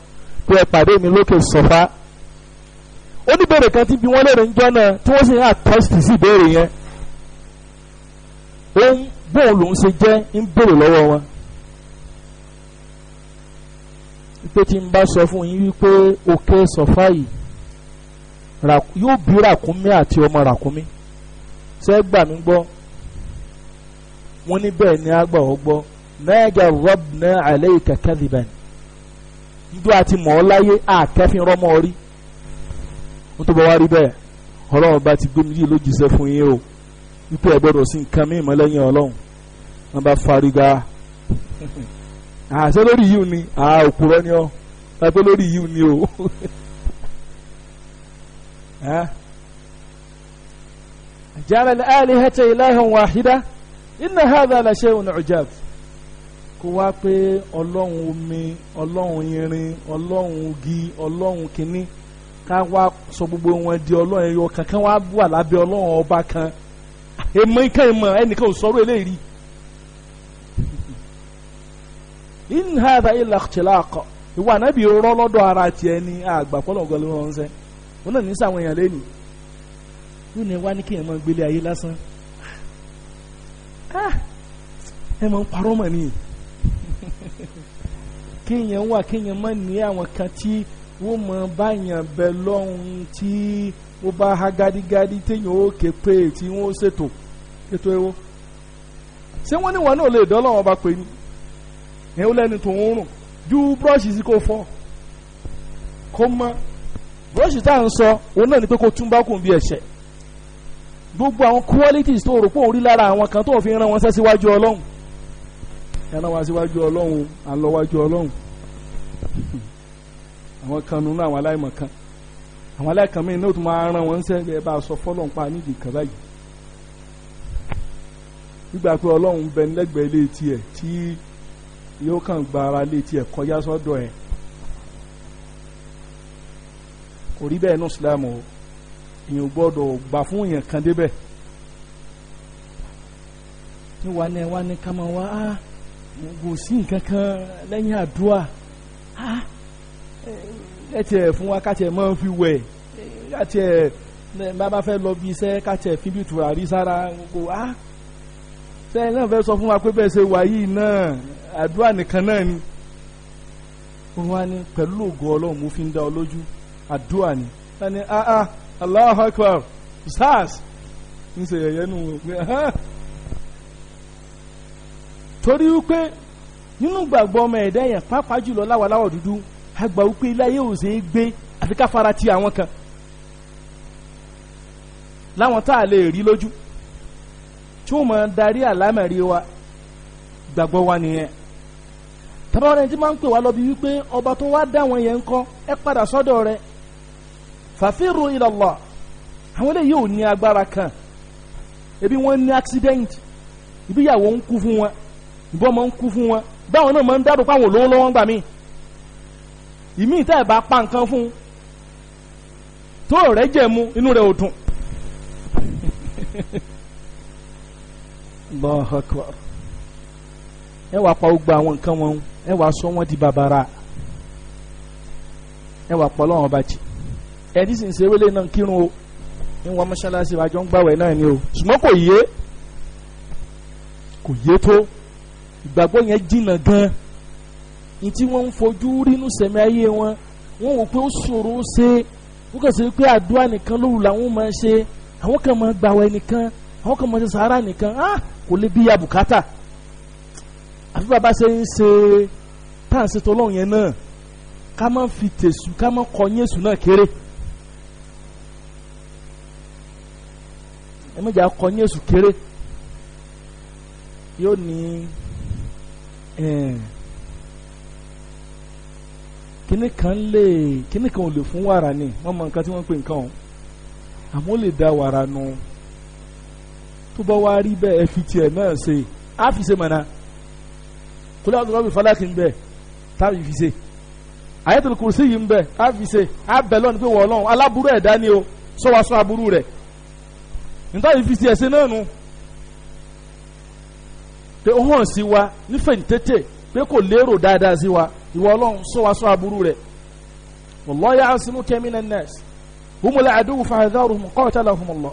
pé ẹ pàdé mi lókè sọ̀fà oníbèrè kan ti bi wọ́n léèrè níjọ́ náà tí wọ́n sì ń àtọ́sítì sí ìbéèrè yẹn òun bóun lòun ṣe jẹ́ ń béèrè lọ́wọ́ wọn pé tí n bá sọ fún yín wípé òkè sọ̀fà yìí yóò bí ràkúnmí àti ọmọ ràkúnmí ṣé gbà mí gbọ́ wọ́n ní bẹ́ẹ̀ ni a gbà ọ́ gbọ́ náà jà rọ́bù náà àlẹ́ ìkàkẹ́ rìbẹ̀ni njọ́ àti mọ̀ ọ́ láyé àkẹ́fín rọ́mọ́ ọ rí wọ́n tó bá wá rí bẹ́ẹ̀ ọlọ́run bá ti gbémi yìí ló jíṣẹ́ fún yín o wípé ẹ̀ gbọ́dọ̀ sí nǹkan mí ìmọ̀lẹ́yìn ọlọ́run wọ́n bá fariga *laughs* àṣẹ lórí yìí ni àà òpùrọ́ ni ọ́ lápẹ́ lórí yìí ni o *laughs* ja'ala al-alihata ilahan wahida inna hadha la shay'un 'ujab. kó wá pé ọlọ́run omi ọlọ́run irin ọlọ́run igi ọlọ́run kínní ká wá sọ gbogbo wọn di ọlọ́run ẹyọ kankan wá wà lábẹ́ ọlọ́run ọba kan èmọ ikán eme ẹnìkan ò ele eléyìí *laughs* in hadha illa ikhtilaq ìwà anabi rọ lọ́dọ̀ ara tiẹ̀ ní àgbà pọ́lọ́gọ́ wọn náà ní èèyàn yóò ní wá ní kéèyàn máa ah! ẹ máa ń parọ́ mọ̀ kéèyàn wà kéèyàn má ní àwọn kan tí wọ́n mọ báyàn bẹ lọ́hùn tí ó bá ha gádígádí téèyàn ó ké pé tí wọ́n ó ṣètò ètò ẹ̀wọ́ ṣé wọ́n ní wọn náà lè dán lọ́wọ́ bá pè ní ẹ̀ ó lẹ́nu tó ń rùn ju búrọ́ọ̀ṣì sí kò fọ́ kó mọ́ búrọ́ọ̀ṣì tá à ń sọ òun náà ni pé kó tún bá kùn bí ẹ̀ṣẹ̀ gbogbo àwọn qualities tó rò pé òun rí lára àwọn kan tó fi ẹran wa síwájú ọlọ́run à ń lọ wájú ọlọ́run àwọn kan nínú àwọn aláìmọ̀ kan àwọn aláìkan mí ní o tún máa ran wọn sẹ́ ẹ bá a sọ fọ́lọ́n pa nídìí kan báyìí gbígbà pé ọlọ́run bẹ nílẹ́gbẹ̀ẹ́ ilé tiẹ̀ tí yóò kàn gba ara ilé tiẹ̀ kọjá sọ́dọ̀ ẹ̀ kò rí bẹ́ẹ̀ ní ìsìlámù o èèyàn gbọ́dọ̀ gbà fún èèyàn kan débẹ̀ ní wa ni ẹ wá ní ká máa wá á kò sí nǹkan kan lẹ́yìn àdúrà ẹ tiẹ̀ fún wa ká tiẹ̀ máa fi wẹ̀ ká tiẹ̀ bàbá fẹ́ lọ bí iṣẹ́ ká tiẹ̀ fi bí tùràrí sára kò á sẹ́yìn náà fẹ́ sọ fún wa pé bẹ́ẹ̀ ṣe wà yìí náà àdúrà nìkan náà ni wọ́n wá ní pẹ̀lú ògo ọlọ́run mo fi ń dá ọ lójú àdúrà ni wọ́n ah ah Allahu Akbar sars ń ṣe yẹ̀yẹ́ nù wọ́n pé ah torí wípé nínú gbàgbọ́ ọmọ ẹ̀dá yẹn pàápàá jùlọ láwàláwọ̀ dúdú àgbà wípé ilé ayé ò ṣeé gbé àfi ká fara ti àwọn kan láwọn tá a lè rí lójú tí wọ́n máa darí àlámẹ̀rí wa gbàgbọ́ wa nìyẹn tọ́ba wọn ti máa ń pè wá lọ́bi wípé ọba tó wá dá wọn yẹn kọ́ ẹ padà sọ́dọ̀ rẹ̀ fàfírù ila àwọn eléyìí ò ní agbára kan ebi wọn ní accident ibi ìyàwó ń kú fún wọn ìbọn máa ń kú fún wọn báwọn náà máa ń dárò páwọn olówó lọ́wọ́ gbà mí ìmí ìtẹ́ ẹ̀ bá pa nǹkan fún un tó rẹ̀ jẹ̀ mu inú rẹ̀ ò dùn. *laughs* ẹ wàá pa gbogbo àwọn nǹkan wọn ẹ wàá sọ wọn di bàbàrà ẹ wàá pọ̀ lọ́wọ́n bàjẹ́ ẹni sì ń ṣe wẹ́lẹ́ náà kírun o ń wọ́n mọ́ṣáláṣí wàá jọ ń gbàwẹ̀ náà ni o ṣùgbọ́n kò yé kò yé tó ìgbàgbọ́ yẹn jìnnà gan ní tí wọ́n ń fojú rínú sẹ̀mí ayé wọn wọ́n wò pé ó ṣòro ó ṣe wọ́n kàn sí pé àdúrà nìkan lóru làwọn máa ṣe àwọn kan máa gbàwẹ̀ nìkan àwọn kan máa ṣe sàárà nìkan á kò lè bí ya bùkátà àfi bàbá ṣe ń ṣe tá à ń ṣe yẹn náà ká má fi tèṣù ká má kọ yéṣù náà kéré ẹ méjì á kọ yéṣù kéré yóò ní. Eh. kíní kan lè kíní kan ò lè fún wàrà ni wọ́n mọ nǹkan tí wọ́n ń pè o àmọ́ ó lè da wàrà nù tó bá wá rí bẹ́ẹ̀ ẹ fi tiẹ̀ náà ṣe á fi ṣe mọ̀nà kúlẹ̀ àti rọ́bì fọlákì ń bẹ̀ tá a fi ṣe àyẹ̀tò kùrùsì yìí ń bẹ̀ á fi ṣe á bẹ̀ lọ́nù pé wọ́n ọlọ́run aláburú ẹ̀dá ni o sọ wá sọ aburú rẹ̀ nítorí fi tiẹ̀ ṣe náà nù pé ó hàn sí wa nífẹ̀ǹtẹ̀tẹ̀ pé kò lérò dáadáa sí wa ìwọ ọlọ́run sọ wa sọ aburú rẹ̀ wallahu ya'simuka minan nas humul aduwwu fahadharuhum qatalahum Allah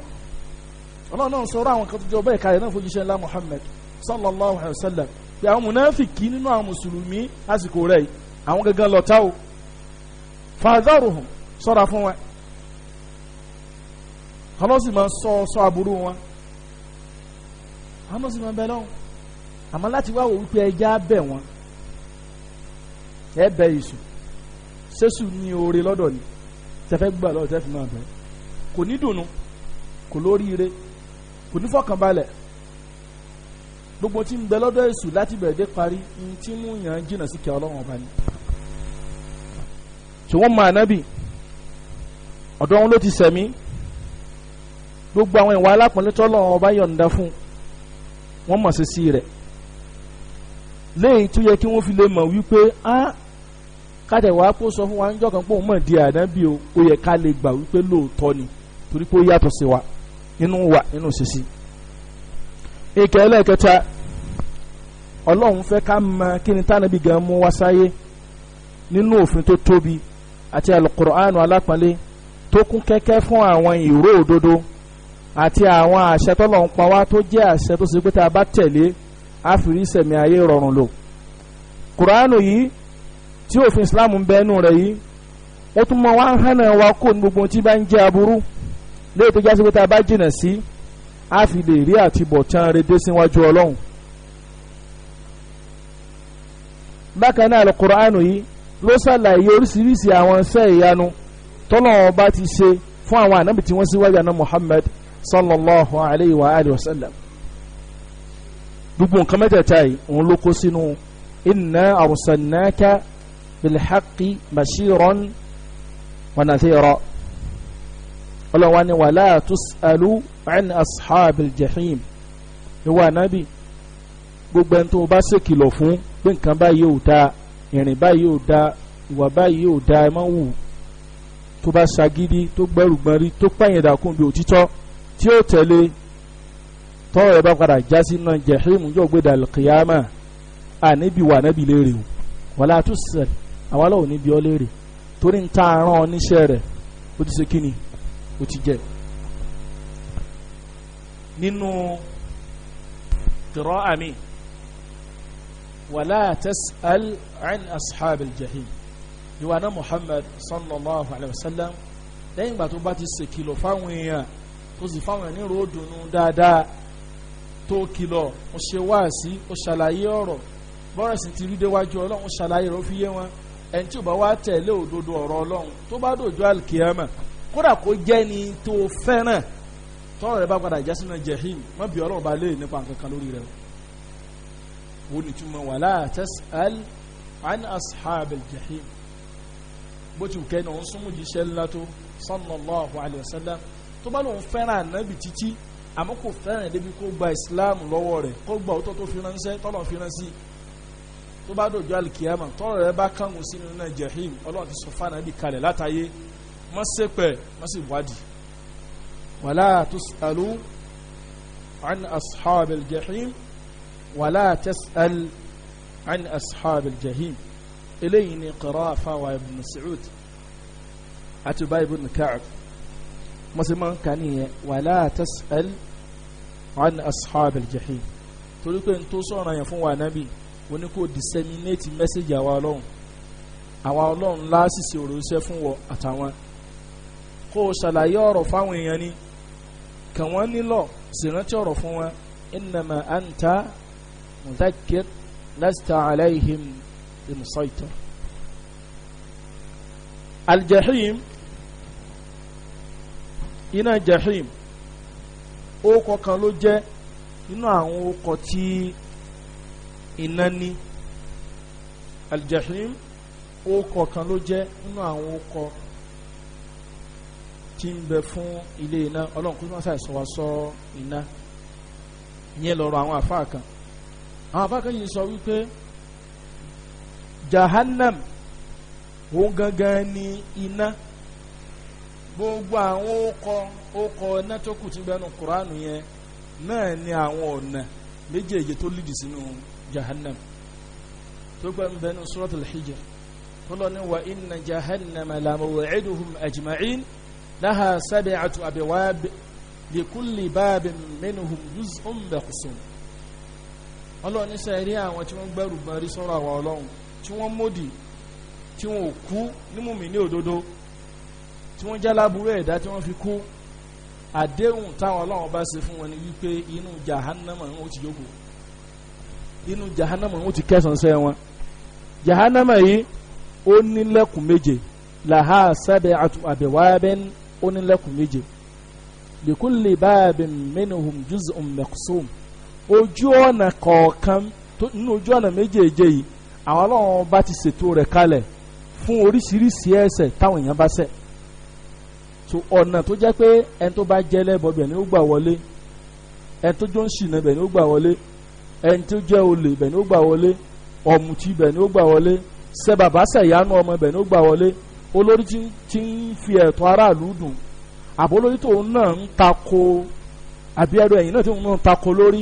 ọlọ́run náà sọ̀rọ̀ àwọn kan tó jẹ́ ọba ìka yẹn náà fojúṣe ńlá Muhammad sallallahu alayhi wa sallam pé àwọn munafiki nínú àwọn mùsùlùmí àsìkò rẹ̀ àwọn gangan lọ́tà o fahadharuhum sọ̀rọ̀ fún wa kọ́lọ́sì máa sọ sọ aburú wọn àwọn sì máa bẹ lọ́wọ́ àmọ́ láti wá wò wípé ẹja bẹ̀ wọ́n ẹ bẹ èṣù sẹ́sù ní oore lọ́dọ̀ ni tẹ́fẹ́ gbà lọ́dọ̀ tẹ́fẹ́ máa bẹ̀ kò ní dùnú kò lóríire kò ní fọkànbalẹ̀ gbogbo tí ń bẹ lọ́dọ̀ èṣù láti bẹ̀rẹ̀ dé parí tí mú yàn jìnnà sí kí ọlọ́run ọba ni. tí wọ́n mọ ànábì ọ̀dọ̀ wọn ló ti sẹ̀mí gbogbo àwọn ìwà alápọ̀nlẹ́tọ́ lọ́wọ́ ọba yọ̀ǹda fún wọn mọ̀ sí sí rẹ̀ léyìí tó yẹ kí wọ́n fi lè mọ̀ wípé á kátẹ̀wá kó sọ fún wa ń jọkàn pé òun mọ̀ di ànábì o ó yẹ ká lè gbà wípé lóòótọ́ ni torí pé ó yàtọ̀ sí wa nínú wa nínú sisi. ìkẹ́ ẹlẹ́kẹta ọlọ́run fẹ́ ká mọ kí ni tánàbí gan mú wá sáyé nínú òfin tó tóbi àti alukur'anu alápọ̀nlé tó kún kẹ́kẹ́ fún àwọn ìró òdodo àti àwọn àṣẹ tọ́lọ̀ ń pa wá tó jẹ́ àṣẹ tó ṣe pé tá a bá tẹ̀lé á fi rí sẹ̀mí ayé rọrùn lò kuranu yìí tí òfin islam ń bẹ́nu rẹ̀ yìí wọ́n tún mọ wá ń hànà wa kó ní gbogbo tí bá ń jẹ́ aburú léyìí tó jásí pé tá a bá jìnà sí á fi lè rí àtibọ̀tán rẹ̀ dé síwájú ọlọ́run. bákan náà alukur'anu yìí ló ṣàlàyé oríṣiríṣi àwọn iṣẹ́ ìyanu tọ́lọ́wọ́n bá ti ṣe fún àwọn ànábì tí wọ́n síwájú àná muhammad sallallahu alayhi wa wa sallam gbogbo nǹkan mẹ́tẹ̀ẹ̀ta yìí òun ló kó sínú inna arsalnaka bilhaqi bashiran wa nathira ọlọ́wọ́n ni wala tus'alu an ashabil jahim ìwà nábì gbogbo ẹni tó bá ṣèkìlọ̀ fún pé nǹkan báyìí ò dáa ìrìn báyìí ò dáa ìwà báyìí ò dáa ẹ máa wù tó bá ṣagídí tó gbẹrùgbọ́n rí tó pààyàn dàkún bí òtítọ́ tí ó tẹ̀lé tọ́rọ̀ rẹ̀ bá padà já sí náà jẹ̀hìmù yóò gbé dàlù kìyàmà ànábì wà ànábì léèrè o wàlá àtúnṣe àwọn aláwọ̀ níbi ọ léèrè torí ń ta àrán oníṣẹ́ rẹ̀ ó ti ṣe kí ni ó ti jẹ. nínú kìrọ́ àmì wàlá tas'al an ashabil jahim ìwà náà Muhammad sallallahu alayhi wa sallam lẹ́yìn ìgbà tó bá ti ṣèkìlọ̀ fáwọn èèyàn tó sì fáwọn èèyàn ní ròódùnú dáadáa tó kìlọ̀ ó ṣe wáàsí ó ṣàlàyé ọ̀rọ̀ bọ́rọ̀ sì ti rí déwájú ọlọ́run ó ṣàlàyé rẹ̀ ó fi yé wọn ẹni tí ò bá wá tẹ̀lé òdodo ọ̀rọ̀ ọlọ́run tó bá dòjọ́ àlùkìyàmà kódà kó jẹ́ ni tó fẹ́ràn tọ́rọ̀ rẹ̀ bá padà já sínú jẹ̀hìm má bí ọlọ́run bá lè nípa nǹkan lórí rẹ̀ o ní túmọ̀ wala tas'al an ashabil àmọ́ kò fẹ́ràn débi kó gba islam lọ́wọ́ rẹ̀ kó gba òótọ́ tó fi ránṣẹ́ tọ́lọ̀ fi ránṣẹ́ tó bá dòjọ́ alikiyama tọ́lọ̀ rẹ̀ bá kángun sínú náà jahim ọlọ́run ti sọ fáànà ibi kalẹ̀ látàyé má ṣe pẹ̀ má sì wádìí wàlá tusalu an ashabil jahim wàlá tasal an ashabil jahim eléyìí ni qira'a fáwọn ibn Saud àti bá ibn Ka'b mọ̀símọ̀ nǹkan nìyẹn wala tas'al an ashabil jahim torí pé n tó sọ̀rọ̀ yẹn fún wa nábì ó ní kó disseminate message àwa ọlọ́run àwa ọlọ́run láásìsì ọ̀rọ̀ iṣẹ́ fún wọ àtàwọn kó o ṣàlàyé ọ̀rọ̀ fáwọn èèyàn ni kàn wọ́n nílọ̀ sì ọ̀rọ̀ fún wọn innama anta mudhakkir lasta alayhim bimusaytir aljahim iná jahim okọ kan ló jẹ nínú àwọn orúkọ tí iná ní aljahim okọ kan ló jẹ nínú àwọn orúkọ tí ń bẹ fún ilé iná ọlọ́run kó má ṣàìsàn wá sọ iná ìyẹn lọrọ àwọn àfáà kan àwọn àfáà kan yìí sọ wípé jahannam òun gangan ni iná. gbogbo àwọn okọ okọ iná tó kù tí ń bẹnu kuranu yẹn náà ni àwọn ọ̀nà méjèèjì tó lìdì sínú jahannam tó gbà ń bẹnu suratul hijr tó lọ ní wa inna jahannama la maw'iduhum ajma'in laha sab'atu abwab li kulli babin minhum juz'un maqsum ọlọ́run ní sẹ́ẹ̀rí àwọn tí wọ́n gbẹ́rù gbọ́n rí sọ́rọ̀ àwọn ọlọ́run tí wọ́n módì tí wọ́n kú ní mùmínì òdodo tí wọ́n jẹ́ láburú ẹ̀dá tí wọ́n fi kú àdéhùn táwọn ọlọ́run bá ṣe fún wọn ni wípé inú jahannama wọn ó ti yókù inú jahannama wọn ó ti kẹsàn-án sẹ́ wọn jahannama yìí ó nílẹ̀kùn méje làhá sábẹ́ àbẹ̀wábẹ́ ó nílẹ̀kùn méje lèkúlè báàbí mẹ́nuhùn jùzùn mẹ́kùsùn ojú ọ̀nà kọ̀ọ̀kan nínú ojú ọ̀nà méjèèje yìí àwọn ọlọ́run bá ti ṣètò rẹ̀ kalẹ̀ fún oríṣiríṣi ẹ̀ṣẹ̀ táwọn èèyàn bá ṣẹ̀ so ọ̀nà tó jẹ́ pé ẹni tó bá jẹ́ lẹ́bọ̀ bẹ̀ ni ó gbà wọlé ẹni tó jó ń ṣìnà bẹ̀ ni ó gbà wọlé ẹni tó jẹ́ olè bẹ̀ ni ó gbà wọlé ọ̀mùtí bẹ̀ ni ó gbà wọlé sẹ́bàbá sẹ̀yánú ọmọ bẹ̀ ni ó gbà wọlé olórí tí ń fi ẹ̀tọ́ aráàlú dùn àbólórí tóun náà ń tako àbí ẹrù ẹ̀yìn náà tóun náà ń tako lórí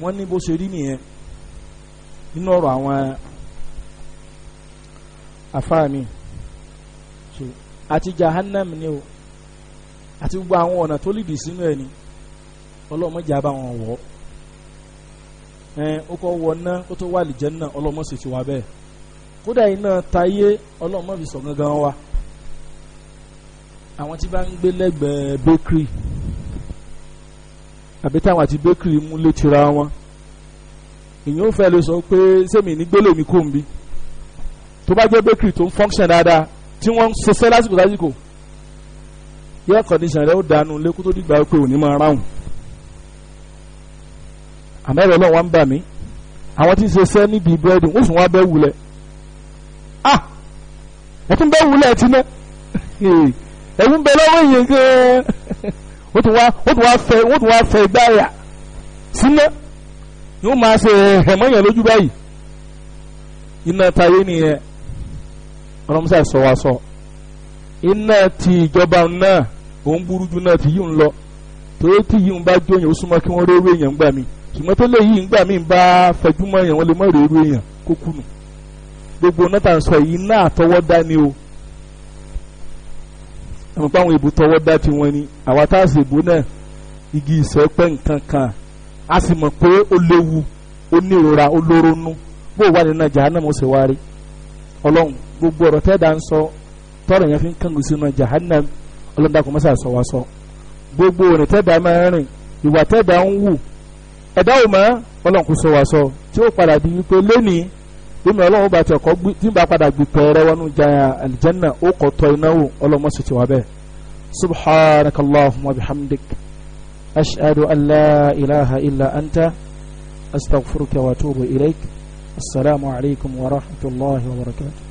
wọ́n ní bó ṣe rí nìyẹn nínú ọ̀rọ̀ àwọn afáàmì àti jahannam ni o àti gbogbo àwọn ọ̀nà tó lìdí sínú ẹ̀ ni ọlọ́mọdé àbá wọn wọ̀ ẹ ó kọ́ wọ ná kó tó wà lìjẹ́ náà ọlọ́mọ sì ti wà bẹ́ẹ̀ kódà iná tayé ọlọ́mọ fi sọ gangan wa àwọn tí bá ń gbé lẹ́gbẹ̀ẹ́ bakery àbí táwọn àti bakery mú létira wọn ìyẹn ò fẹ́ lè sọ pé sẹ́mi ní gbélé mi kò ń bí tó bá jẹ́ bakery tó ń function dáadáa tí wọ́n ń ṣiṣẹ́ lásìkò lásìkò yẹ kọ̀díṣàn rẹ ó dànù lẹ́kú tó dìgbà pé òní máa ráhùn àmẹ́rẹ̀ ọlọ́run wá ń bà mí àwọn tí ń ṣiṣẹ́ níbi búrẹ́dì wọ́n sì wọ́n abẹ́ wulẹ̀ ah ẹ̀ tún bẹ́ wulẹ̀ ti ná ẹ̀wù ń bẹ lọ́wọ́ yẹn gan-an wọ́n tún wá fẹ́ wọ́n tún wá fẹ́ gbáyà síná ni wọ́n máa ṣe ẹ̀hẹ̀mọ́yàn lójú báyìí iná tayé nìyẹn ọlọ́mọsá sọ wa sọ iná ti ìjọba náà òun burú ju náà ti yí ń lọ torí tí yí ń bá jó yẹn ó súnmọ́ kí wọ́n rérú èèyàn gbà mí ṣùgbọ́n tó lè yí ń gbà mí ń bá fẹjúmọ́ èèyàn wọ́n lè mọ́ rérú èèyàn kó kùnù gbogbo náà tà ń sọ yìí náà àtọwọ́dá ni o àmọ́ pé àwọn èbó tọwọ́dá ti wọn ni àwa tá a sì èbó náà igi ìsẹ́pẹ́ nǹkan kan a sì mọ̀ pé ó léwu ó ní ìrora ó lóró nú bó wà nínú ajá náà mo sì wá rí ọlọ́run gbogbo ọ̀rọ̀ tẹ́ da ń sọ tọ́rọ̀ yẹn fi ń kángun sínú jahannam ọlọ́dàkùn mọ́sà sọ wá sọ gbogbo ọ̀rọ̀ tẹ́ da máa rìn ìwà tẹ́ da ń wù ẹ̀dá ò mọ́ ọlọ́nkù sọ wá sọ tí ó padà di wípé lónìí bí mi ọlọ́run bá ti ọkọ tí n bá padà gbé pẹ̀rẹ́ wọnú jaya alijanna ó kọ tọ iná wò ọlọ́mọ sì ti wá bẹ́ẹ̀ subhanakallahumma wa bihamdik wa barakatuh